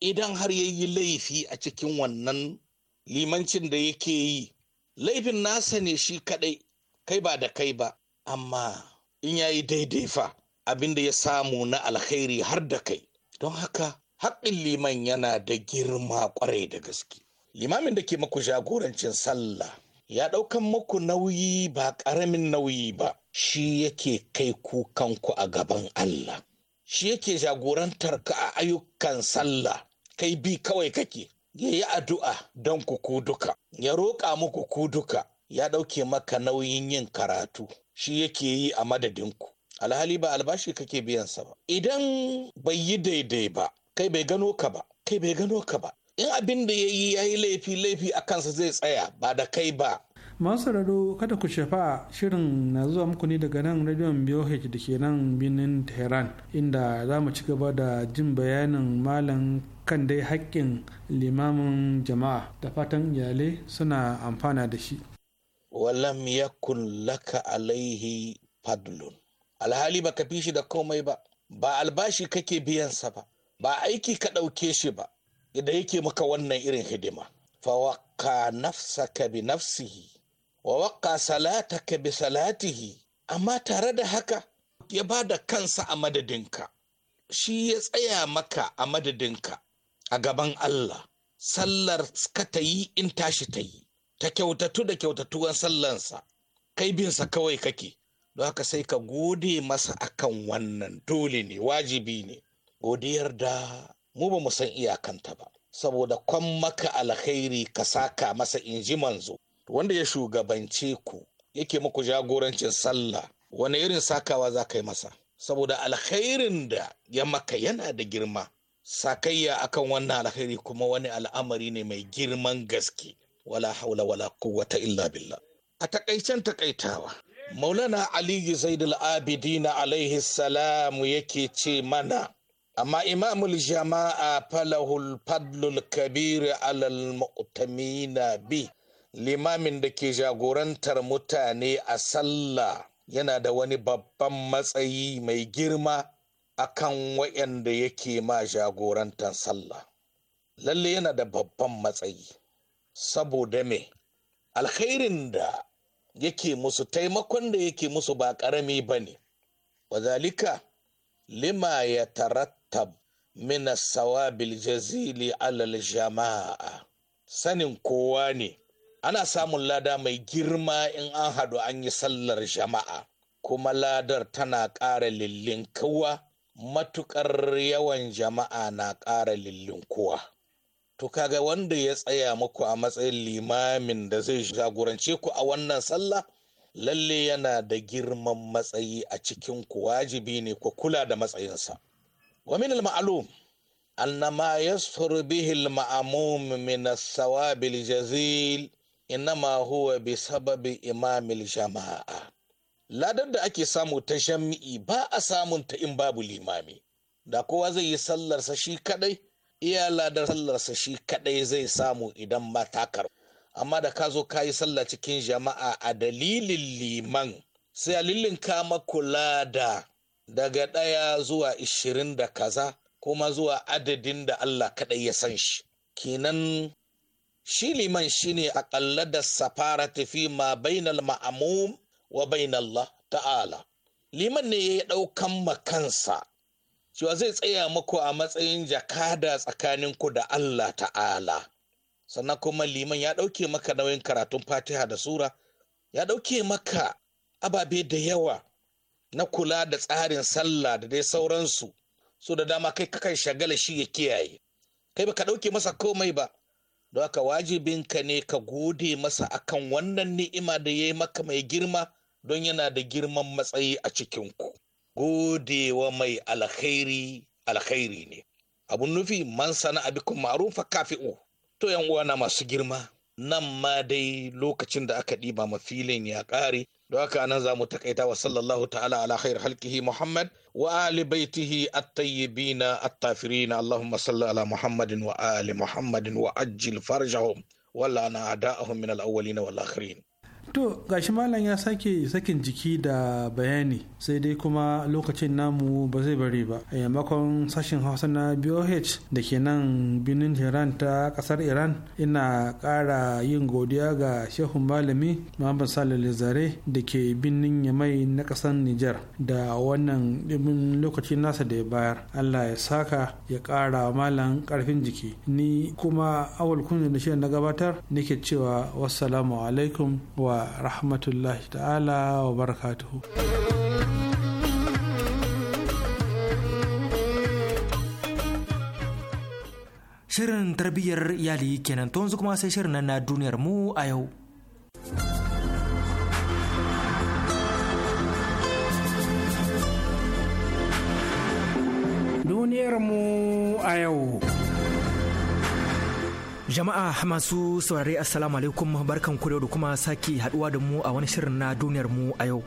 idan har ya yi laifi a cikin wannan limancin da yake yi laifin nasa ne shi kadai kai ba da kai ba amma in ya yi daidai fa abin da ya samu na alkhairi har da kai don haka haƙƙin liman yana da girma ƙwarai da gaske limamin da ke maku jagorancin sallah ya ɗaukan maku nauyi ba ƙaramin nauyi ba shi yake kai kukanku a gaban Allah shi yake jagorantar ka a ayyukan sallah kai bi kawai kake ya yi addu'a don ku ku duka ya roƙa muku ku duka ya ɗauke maka nauyin yin karatu shi yake yi a madadinku alhali ba albashi kake biyansa ba idan bai yi daidai ba kai bai gano ka ba kai bai gano ka ba in abin da ya yi ya yi laifi laifi a kansa zai tsaya ba da kai ba masu kada ku shafa shirin na zuwa muku ne daga nan radion BOH da ke nan binin Tehran inda za mu ci gaba da jin bayanin malam kan dai haƙƙin limamin jama'a da fatan iyalai suna amfana da shi. Walam ya laka alaihi fadlun. Alhali ba ka fi shi da komai ba, ba albashi kake biyansa ba, ba aiki ka ɗauke shi ba, idan yake maka wannan irin hidima. Fawaka nafsaka bi nafsihi wa waƙa ka bi salatihi amma tare da haka ya ba da kansa a madadinka shi ya tsaya maka a madadinka a gaban Allah sallar ka ta yi in tashi ta yi ta kyautatu da kyautatuwan sallansa kai binsa kawai kake don haka sai ka gode masa akan wannan dole ne wajibi ne godiyar da mu ba mu san iyakanta ba saboda kwan maka alkhairi ka saka masa inji manzo wanda ya shugabance ku yake muku jagorancin sallah wani irin sakawa za ka yi masa saboda alkhairin da ya maka yana da girma sakayya akan wannan alkhairi kuma wani al'amari ne mai girman gaske wala haula wala quwwata illa billa. a takaicen takaitawa maulana aliyu zaidul abidina alaihi salamu yake ce mana amma imamul jama'a falahul fadlul kabir alal mu'tamina bi limamin da ke jagorantar mutane a sallah yana da wani babban matsayi mai girma a akan waɗanda yake ma jagorantar sallah lalle yana da babban matsayi saboda me alkhairin da yake musu taimakon da yake musu ba ƙarami ba ne wazalika lima ya tarattab min sawabil jazili alal jama'a sanin kowa ne ana samun lada mai girma in an haɗu an yi sallar jama'a kuma ladar tana ƙara lillin kowa matuƙar yawan jama'a na ƙara kowa to kaga wanda ya tsaya muku a matsayin limamin da zai jagorance ku a wannan sallah lalle yana da girman matsayi a cikin ku wajibi ne ku kula da matsayinsa wa min al-ma'lum anna ma yasfur bihi al min as sawabil jazil Ina huwa bi sababi imamil jama'a ladar da ake samu ta jami'i ba a samun ta in babu limami da kowa zai yi sallarsa shi kadai iya ladar sallarsa shi kadai zai samu idan matakar amma da ka zo ka yi sallah cikin jama'a a dalilin liman sai a lullunka maku lada daga ɗaya zuwa ishirin da kaza kuma zuwa adadin da Allah kaɗai ya san shi kenan shi liman shine aƙalla da safara tafi ma bainal ma'amum wa bainallah ta'ala liman ne ya ɗaukan makansa cewa zai tsaya muku a matsayin jakada tsakanin ku da Allah ta'ala sannan kuma liman ya ɗauke maka nauyin karatun fatiha da sura ya ɗauke maka ababe da yawa na kula da tsarin sallah da dai sauransu so da dama kai kakan shagala shi ya kiyaye kai baka ɗauke masa komai ba don haka wajibinka ne ka gode masa akan wannan ni'ima da ya yi maka mai girma don yana da girman matsayi a cikinku godewa mai alkhairi alkhairi ne abun nufi man sana abikun ma'rufa kafi'u to yan uwana masu girma nan ma dai lokacin da aka ɗiba ma filin ya ƙare don haka anan za mu takaita wa sallallahu ta'ala ala khair halkihi muhammad wa ali baitihi at-tayyibina at-tafirin allahumma salli ala muhammadin wa ali muhammadin wa ajil farjahum walla na ada'ahum min al-awwalin wal akhirin to gashi malam ya sake sakin jiki da bayani sai dai kuma lokacin namu ba zai bari ba a eh, yammakon sashen hausa na boh da ke nan binin iran ta kasar iran ina kara yin godiya ga shehun malami muhammad salih zare da ke binin yamai na kasar nijar da wannan ɗimin lokacin nasa da ya bayar allah ya saka ya kara malam karfin jiki ni kuma awal kunne da shi na gabatar nake cewa wassalamu alaikum wa rahmatullahi ta'ala wa barakatuhu shirin tarbiyyar iyali kenan to yanzu kuma sai shirin na duniyar mu a yau duniyar mu a yau Jama'a masu saurare Assalamu alaikum barkan ku da kuma sake haduwa da mu a wani shirin na duniyar mu a yau.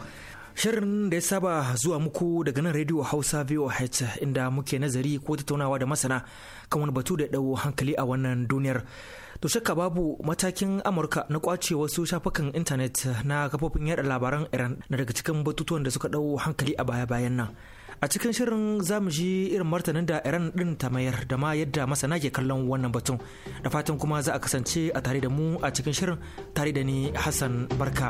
Shirin da ya saba zuwa muku daga nan Radio Hausa VOH inda muke nazari ko tattaunawa da masana kan wani batu da dau hankali a wannan duniyar. To shakka babu matakin Amurka na kwace wasu shafukan intanet na kafofin yada labaran Iran na daga cikin batutuwan da suka dau hankali a baya-bayan nan. a cikin shirin zamu ji irin martanin da iran din ta mayar da ma yadda masana ke kallon wannan batun da fatan kuma za a kasance a tare da mu a cikin shirin tare da ni hassan barka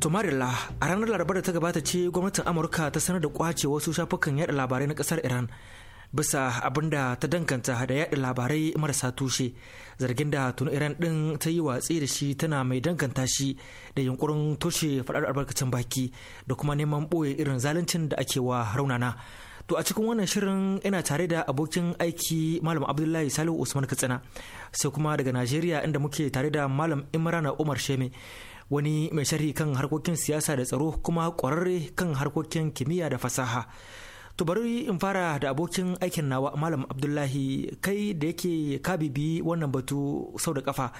tumarila a ranar larabar da ta gabata ce gwamnatin Amurka ta sanar da kwace wasu shafukan yada labarai na kasar Iran bisa abin da ta danganta da yaɗa labarai marasa tushe zargin da tun iran din ta yi watsi da shi tana mai danganta shi da yunkurin toshe faɗar albarkacin baki da kuma neman ɓoye irin zaluncin da ake wa raunana to a cikin wannan shirin ina tare da abokin aiki malam abdullahi salihu usman katsina sai kuma daga najeriya inda muke tare da malam imrana umar sheme wani mai sharhi kan harkokin siyasa da tsaro kuma kwararre kan harkokin kimiyya da fasaha To bari in fara da abokin aikin nawa Malam Abdullahi kai da yake ka bibi wannan batu sau da kafa.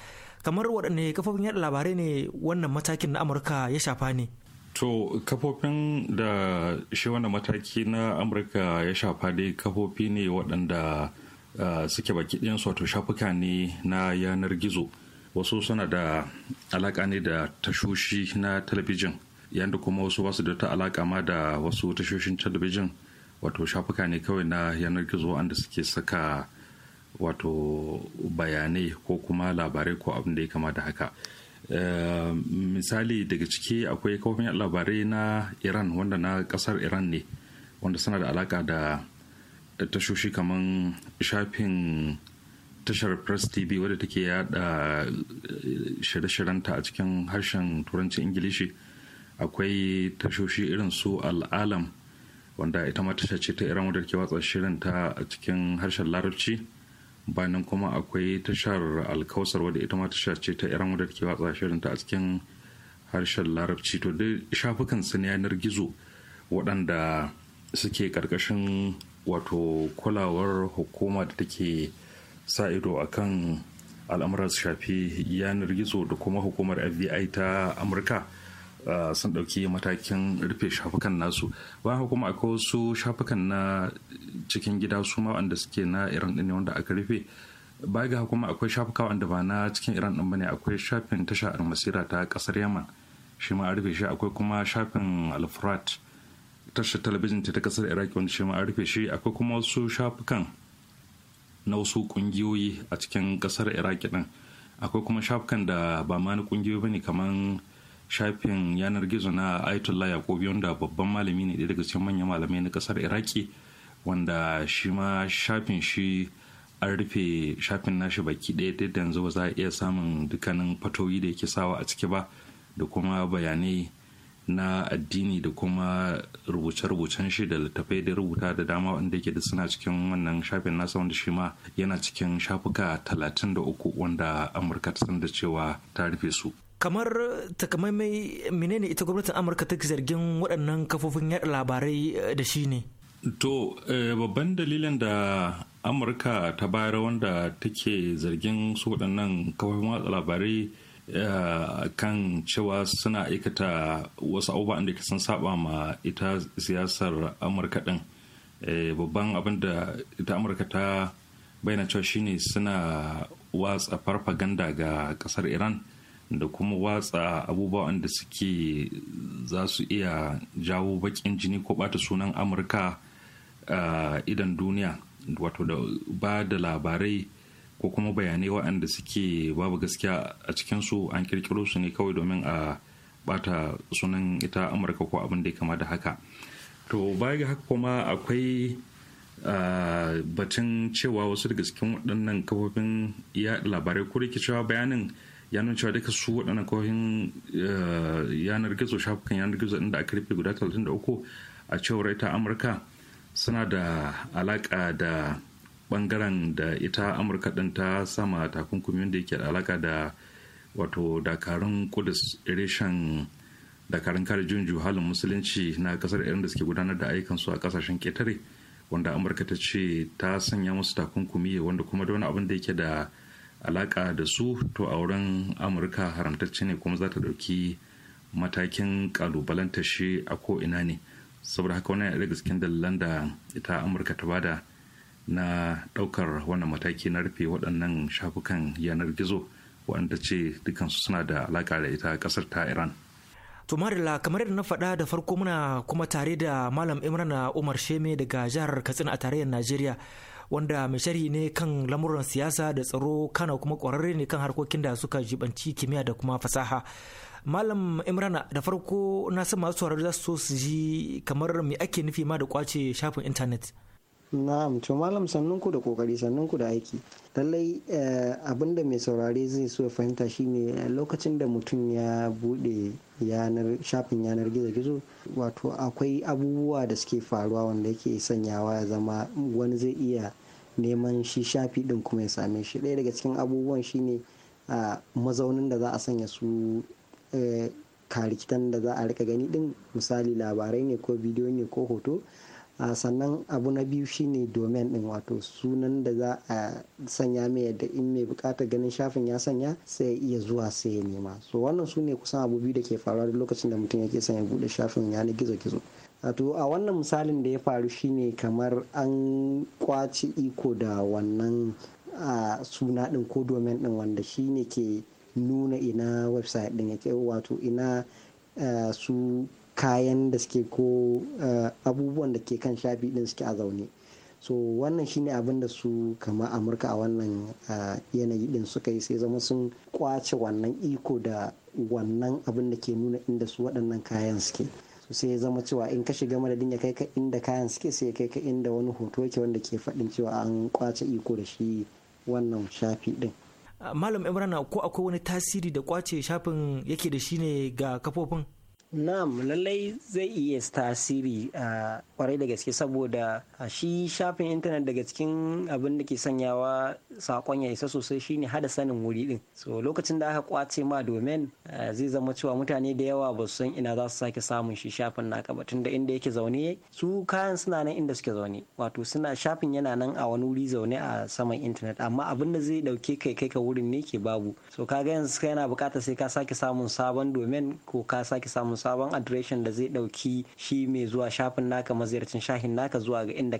Kamar waɗanne kafofin yaɗa labarai ne wannan matakin na Amurka ya shafa ne? To kafofin da shi wannan mataki na Amurka ya shafa dai kafofi ne waɗanda eh, suke baki ɗin wato shafuka ne na yanar gizo. Wasu suna da alaƙa ne da tashoshi na talabijin, yadda kuma wasu wasu da ta alaƙa ma da wasu tashoshin talabijin. wato shafuka ne kawai na yanar gizo wanda suke saka wato bayanai ko kuma labarai ko abin da ya kama da haka eh, misali daga ciki akwai kafofin labarai na iran wanda na kasar iran ne wanda suna da alaka da tashoshi kamar shafin tashar press tv wadda take yada eh, shirye-shiryenta a cikin harshen turancin ingilishi akwai tashoshi irin su al'alam wanda ita ma tasha ce ta iran wadda ke watsa shirin ta a cikin harshen larabci bayanan kuma akwai tashar alkausar wadda ita ma tasha ce ta iran wadda ke watsa shirin ta a cikin harshen larabci to dai shafukan su na yanar gizo waɗanda suke karkashin wato kulawar hukuma da take sa ido akan al'amuran shafi yanar gizo da kuma hukumar fbi ta amurka sun ɗauki matakin rufe shafukan nasu haka kuma akwai wasu shafukan na cikin gida su ma wanda suke na iran ɗin ne wanda aka rufe baya ga kuma akwai shafuka wanda ba na cikin iran ɗin bane akwai shafin tasha almasira ta ƙasar yaman shi ma rufe shi akwai kuma shafin alfrat tashar talabijin ta ƙasar iraki wanda shi ma rufe shi akwai kuma wasu shafukan na wasu ƙungiyoyi a cikin ƙasar iraki ɗin akwai kuma shafukan da ba ma na ƙungiyoyi bane kamar shafin yanar gizo na Ayatollah yakubu wanda babban malami ne daga cikin manyan malamai na kasar Iraki wanda shi ma shafin shi an rufe shafin nashi baki ɗaya da yanzu ba za a iya samun dukkanin fatoyi da yake sawa a ciki ba da kuma bayanai na addini da kuma rubuce-rubucen shi da littafai da rubuta da dama wanda yake da suna cikin wannan shafin nasa wanda shi ma yana cikin shafuka 33 wanda amurka ta san da cewa ta rufe su kamar takamaimai menene ita gwamnatin amurka take zargin waɗannan kafofin yaɗa labarai eh, da shi ne to eh, babban dalilin da amurka ta bayar wanda take zargin su waɗannan kafofin watsa labarai eh, kan cewa suna aikata wasu abubuwan da sun saba ma ita siyasar amurka ɗin babban abin da ita amurka ta bayyana cewa shine suna watsa farfaganda ga ƙasar iran da kuma watsa abubuwan da suke za su iya jawo baƙin jini ko bata sunan amurka a ah, idan duniya wato da ba da labarai ko kuma bayanai waɗanda suke babu gaskiya a cikinsu an kirkiro su ne kawai domin a bata sunan ita amurka ko abin da ya kama da haka to baya ga haka kuma akwai ah, batun cewa wasu daga cikin waɗannan kafofin yaɗa labarai ko rikicewa bayanin ya cewa duka su waɗannan kohin eh, yanar gizo shafukan yanar gizo inda aka rufe guda 33 a cewar ita amurka suna da alaƙa da bangaren da ita amurka ɗin ta sama takunkumi wanda yake da alaƙa da wato dakarun kudus reshen dakarun kare junju halin musulunci na kasar irin da suke gudanar da ayyukansu a kasashen ketare wanda amurka ta ce ta sanya musu takunkumi wanda kuma da wani abin da yake da alaka da su to a wurin amurka haramtacce ne kuma za ta ɗauki matakin kalubalanta shi a ko'ina ne saboda haka wani daga cikin dalilan da ita amurka ta bada na daukar wannan mataki na rufe waɗannan shafukan yanar gizo waɗanda ce dukansu suna da alaka da ita kasar ta iran To Marila kamar yadda na faɗa da farko muna kuma tare da Malam Imran Umar Sheme daga jihar Katsina a tarayyar Najeriya. wanda mai sharhi ne kan lamuran siyasa da tsaro kana kuma kwararre ne kan harkokin da suka jibanci kimiyya da kuma fasaha malam imrana da farko na san masu za su so su ji kamar me ake nufi ma da kwace shafin intanet Na'am, to malam sannun ku da kokari sannun ku da aiki. Lallai eh, abin da mai saurare zai so ya fahimta shine eh, lokacin da mutum ya bude yanar shafin yanar gizo gizo wato akwai abubuwa da suke faruwa wanda yake sanyawa ya zama wani zai iya neman shi shafi ɗin kuma ya same shi ɗaya daga cikin abubuwan shine a mazaunin da za a sanya su eh, karikitan da za a rika gani ɗin misali labarai ne ko bidiyo ne ko hoto sannan abu na biyu shine domain din wato sunan da za a sanya mai yadda in mai bukatar ganin shafin ya sanya sai iya zuwa sai ya nema so wannan su ne kusan abu biyu da ke faruwa duk lokacin da mutum yake son ya buɗe shafin yanar gizo-gizo wato a wannan misalin da ya faru shine kamar an kwaci iko da wannan suna din ko domain din wanda shine ke nuna ina website din yake wato ina eh, su kayan da suke ko eh, abubuwan da ke kan shafi din suke a zaune so wannan shine abin da su kama amurka a wannan eh, yanayi din suka yi sai zama sun kwace wannan iko da wannan abin da ke nuna inda su waɗannan kayan suke sai zama cewa in ka shiga madadin ya kai ka inda kayan suke sai ya kai ka inda wani hoto yake wanda ke faɗin cewa an kwace iko da shi wannan shafi din. malam imrana ko akwai wani tasiri da kwace shafin yake da shi ne ga kafofin Na'am lallai zai iya tasiri a ah, kwarai da gaske saboda ah, shi shafin intanet daga cikin abin da ke sanyawa sakon ya isa sosai shine hada sanin wuri din. So lokacin da aka kwace ma domin ah, zai zama cewa mutane da yawa ba su san ina za su sake samun shi shafin naka ba da inda yake zaune su kayan suna nan inda suke zaune wato suna shafin yana nan a wani wuri zaune a saman intanet amma abin da zai dauke kai kai ka wurin ne ke babu. So kaga yanzu yana bukatar sai ka sake samun sabon domin ko ka sake samun sabon adireshin da zai ɗauki shi mai zuwa shafin naka maziyarcin shafin naka zuwa ga inda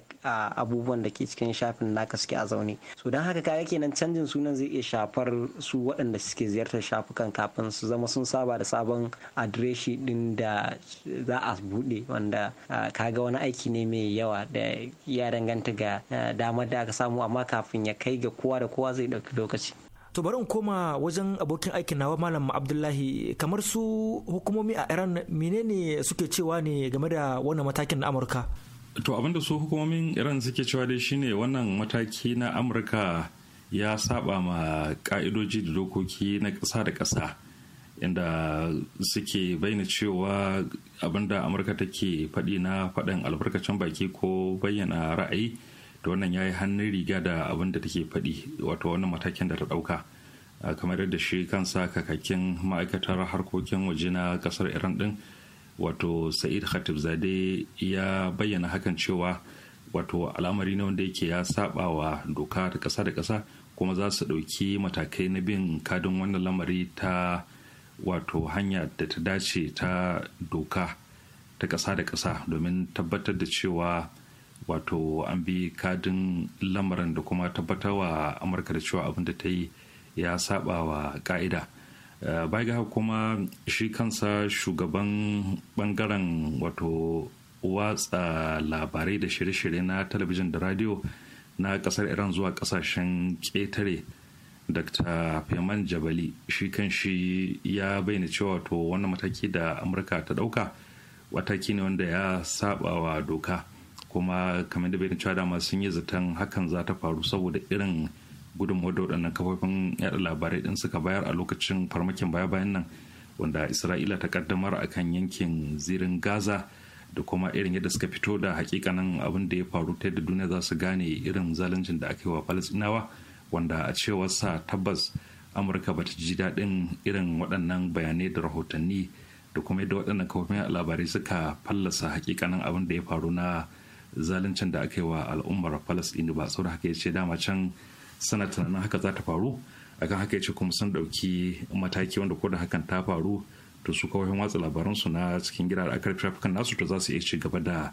abubuwan da ke cikin shafin naka suke a zaune so don haka kaya kenan canjin sunan zai iya shafar su waɗanda suke ziyartar shafukan kafin su zama sun saba da sabon adireshi ɗin da za a buɗe wanda kaga wani aiki ne mai yawa da ya danganta ga damar da aka samu amma kafin ya kai ga kowa da kowa zai ɗauki lokaci to bari in koma wajen abokin aikin nawa malam abdullahi kamar su hukumomi a iran menene suke cewa ne game da wannan matakin na amurka to abinda su hukumomin iran suke cewa dai shine wannan mataki na amurka ya saba ma ka'idoji da dokoki na ƙasa da ƙasa inda suke bayyana cewa abinda amurka take faɗi na faɗin albarkacin baki ko bayyana ra'ayi da wannan ya yi hannun riga da abin da take faɗi wato wannan matakin da ta ɗauka kamar yadda shi kansa kakakin ma'aikatar harkokin waje na ƙasar iran ɗin wato sa'id khatibzade ya bayyana hakan cewa wato al'amari ne wanda yake ya saba wa doka ta ƙasa da ƙasa kuma za su ɗauki matakai na bin kadin wannan lamari ta wato hanya da ta dace ta doka ta ƙasa da ƙasa domin tabbatar da cewa wato an bi kadin lamarin da kuma wa amurka da cewa abin da ta yi ya saba wa ka'ida eh, bai ga kuma shi kansa shugaban bangaren wato watsa labarai da shirye-shirye na talabijin da radio na kasar iran zuwa kasashen ƙetare dr peman jabali shi kan shi ya bayyana cewa wato wannan mataki da amurka ta ɗauka mataki ne wanda ya saba wa doka kuma kamar da bai cewa dama sun yi zaton hakan za ta faru saboda irin gudunmawar da waɗannan kafofin yada labarai din suka bayar a lokacin farmakin baya-bayan nan wanda isra'ila ta kaddamar a kan yankin zirin gaza da kuma irin yadda suka fito da hakikanin abin da ya faru ta yadda duniya za su gane irin zaluncin da aka yi wa falasinawa wanda a cewar sa tabbas amurka ba ta ji daɗin irin waɗannan bayanai da rahotanni da kuma yadda waɗannan kafofin labarai suka fallasa hakikanin abin da ya faru na zaluncin da aka yi wa al'ummar palestine ba saboda haka ya ce dama can sana tunanin haka za ta faru akan haka ya ce kuma sun ɗauki mataki wanda ko da hakan ta faru to su kawai watsa labaransu na cikin gida da aka shafukan nasu to za su iya ci gaba da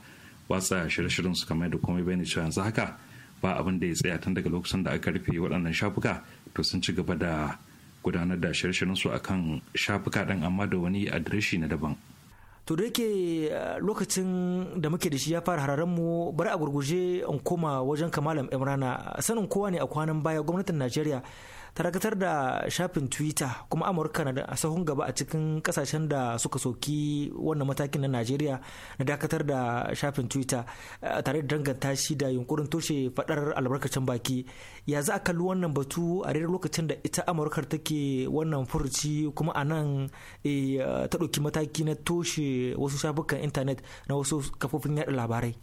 watsa shirye-shiryen su kamar da komai bayani cewa yanzu haka ba abin da ya tsaya tun daga lokacin da aka rufe waɗannan shafuka to sun ci gaba da gudanar da shirye-shiryen su akan shafuka ɗin amma da wani adireshi na daban. to da yake eh, lokacin da muke da shi ya fara hararen mu bari a gurguje in koma wajen kamalam imrana sanin kowa ne a kwanan baya gwamnatin najeriya ta dakatar da shafin twitter kuma amurka na a sahun gaba a cikin kasashen da suka soki wannan matakin na najeriya na dakatar da shafin twitter eh, tare da danganta shi da yunkurin toshe fadar albarkacin baki ya za a kalli wannan batu a daidai lokacin da ita amurka take wannan furuci kuma a nan eh, ta ɗauki mataki na toshe wasu shafukan intanet na wasu kafofin yada labarai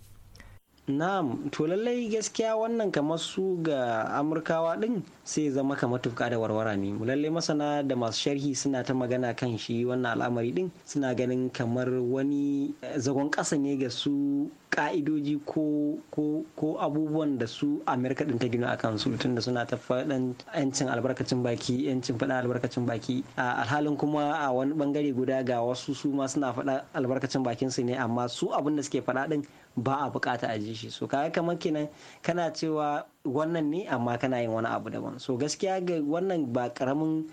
na'am to lallai gaskiya wannan kamar su ga amurkawa din sai zama kamar tufka da warwara ne lallai masana da masu sharhi suna ta magana kan shi wannan al'amari din suna ganin kamar wani zagon ƙasa ne ga su ka'idoji ko, ko, ko abubuwan da su amerika din ta gina a kansu tunda suna ta faɗin yancin albarkacin baki yancin faɗin albarkacin baki a alhalin kuma a wani bangare guda ga wasu su ma suna faɗa albarkacin bakin su ne amma su abin da suke faɗa din ba a bukata a ji shi so kaga kamar kenan kana cewa wannan ne amma kana yin wani abu daban so gaskiya ga wannan ba karamin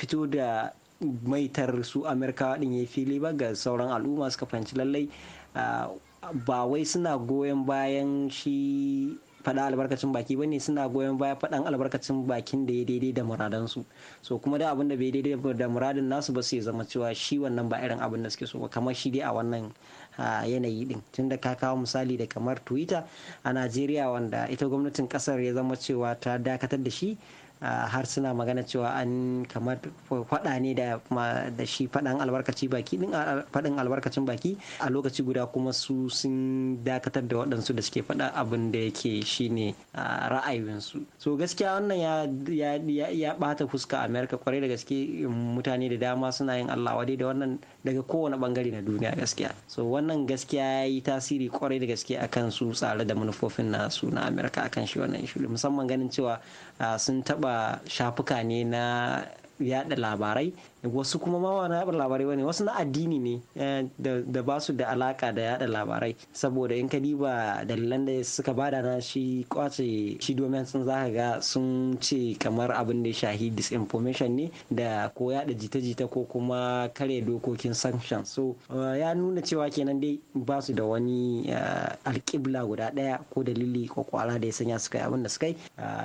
fito da maitar su amerikawa din ya fili ba ga sauran al'umma suka fahimci lallai ba wai suna goyon bayan shi faɗa albarkacin baki ne suna goyon baya faɗan albarkacin bakin da ya daidai da muradansu so kuma da abin da bai daidai da muradin nasu ba sai zama cewa shi wannan ba irin abin da suke so ba kamar shi dai a wannan yanayi din tunda ka kawo misali da kamar twitter a najeriya wanda ita gwamnatin kasar ya zama cewa ta dakatar da shi har suna magana cewa an kamar faɗa ne da shi faɗan albarkaci baki din faɗin albarkacin baki a lokaci guda kuma su sun dakatar da waɗansu da suke faɗa abin da yake shine ra'ayinsu so gaskiya wannan ya ya ɓata fuska america kwarai da gaske mutane da dama suna yin allah wade da wannan daga kowane bangare na duniya gaskiya so wannan gaskiya ya yi tasiri kwarai da gaske akan su tsare da manufofin nasu na america akan shi wannan shi musamman ganin cewa Ah, sun taɓa shafuka ne na yada labarai wasu kuma ma wani yaɗa labarai bane wasu na addini ne eh, da ba su da alaka da yaɗa labarai saboda in ka diba dalilan da suka bada na shi kwace shi domin sun zaka ga sun ce kamar abin da ya shahi disinformation ne da ko yaɗa jita-jita ko kuma kare dokokin sanction so eh, ya nuna cewa kenan dai ba su da wani eh, alƙibla guda ɗaya ko dalili ko da ya sanya suka yi abin da suka yi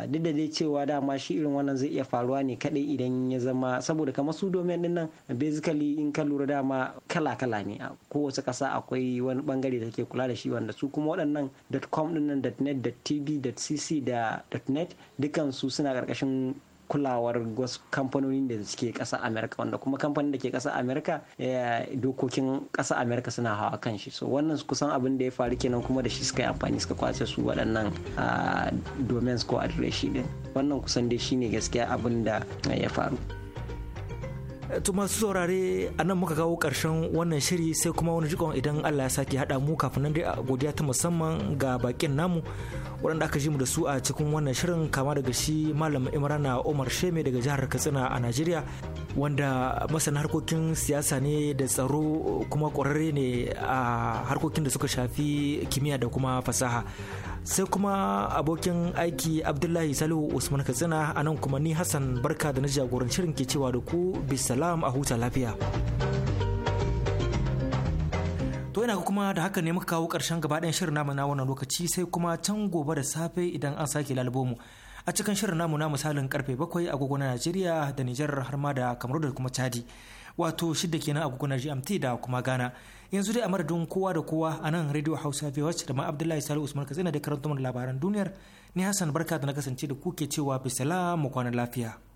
duk da dai cewa dama shi irin wannan zai iya faruwa ne kaɗai idan ya zama saboda kamar su domin din nan basically in ka lura dama kala-kala ne kowace kasa akwai wani bangare da ke kula da shi wanda su kuma waɗannan .com din nan .net .tv .cc da .net dukan su suna ƙarƙashin kulawar wasu kamfanonin da suke ƙasa amerika wanda kuma kamfanin da ke ƙasa amerika eh, dokokin ƙasa amerika suna hawa kan shi so wannan kusan abin da ya faru kenan kuma da shi suka yi amfani suka kwace su waɗannan ah, domains ko adireshi din wannan kusan dai shine gaskiya abin da ya faru to masu saurare a nan muka kawo karshen wannan shiri sai kuma wani jikon idan Allah ya sake haɗa mu kafin nan dai a godiya ta musamman ga bakin namu waɗanda aka ji mu da su a cikin wannan shirin kama daga shi Malam Imrana Umar Sheme daga jihar Katsina a Najeriya wanda masana harkokin siyasa ne da tsaro kuma ƙwararre ne a harkokin da suka shafi kimiyya da kuma fasaha. sai kuma abokin aiki abdullahi salihu usman katsina a nan kuma ni hassan barka da na jagoran shirin ke cewa da ku bisalam a huta lafiya to ina kuma da haka ne muka kawo karshen gabaɗayan shirin namu na wannan lokaci sai kuma can gobe da safe idan an sake lalbomu a cikin shirin namu na misalin karfe bakwai agogo na najeriya da nijar har ma da kamaru da kuma chadi wato shidda kenan agogo na gmt da kuma ghana yanzu dai a madadin kowa da kowa a nan radio hausa vh da ma abdullahi salihu usman katsina da karanta labaran duniyar ni hassan barka da na kasance da kuke cewa bisala mu kwana lafiya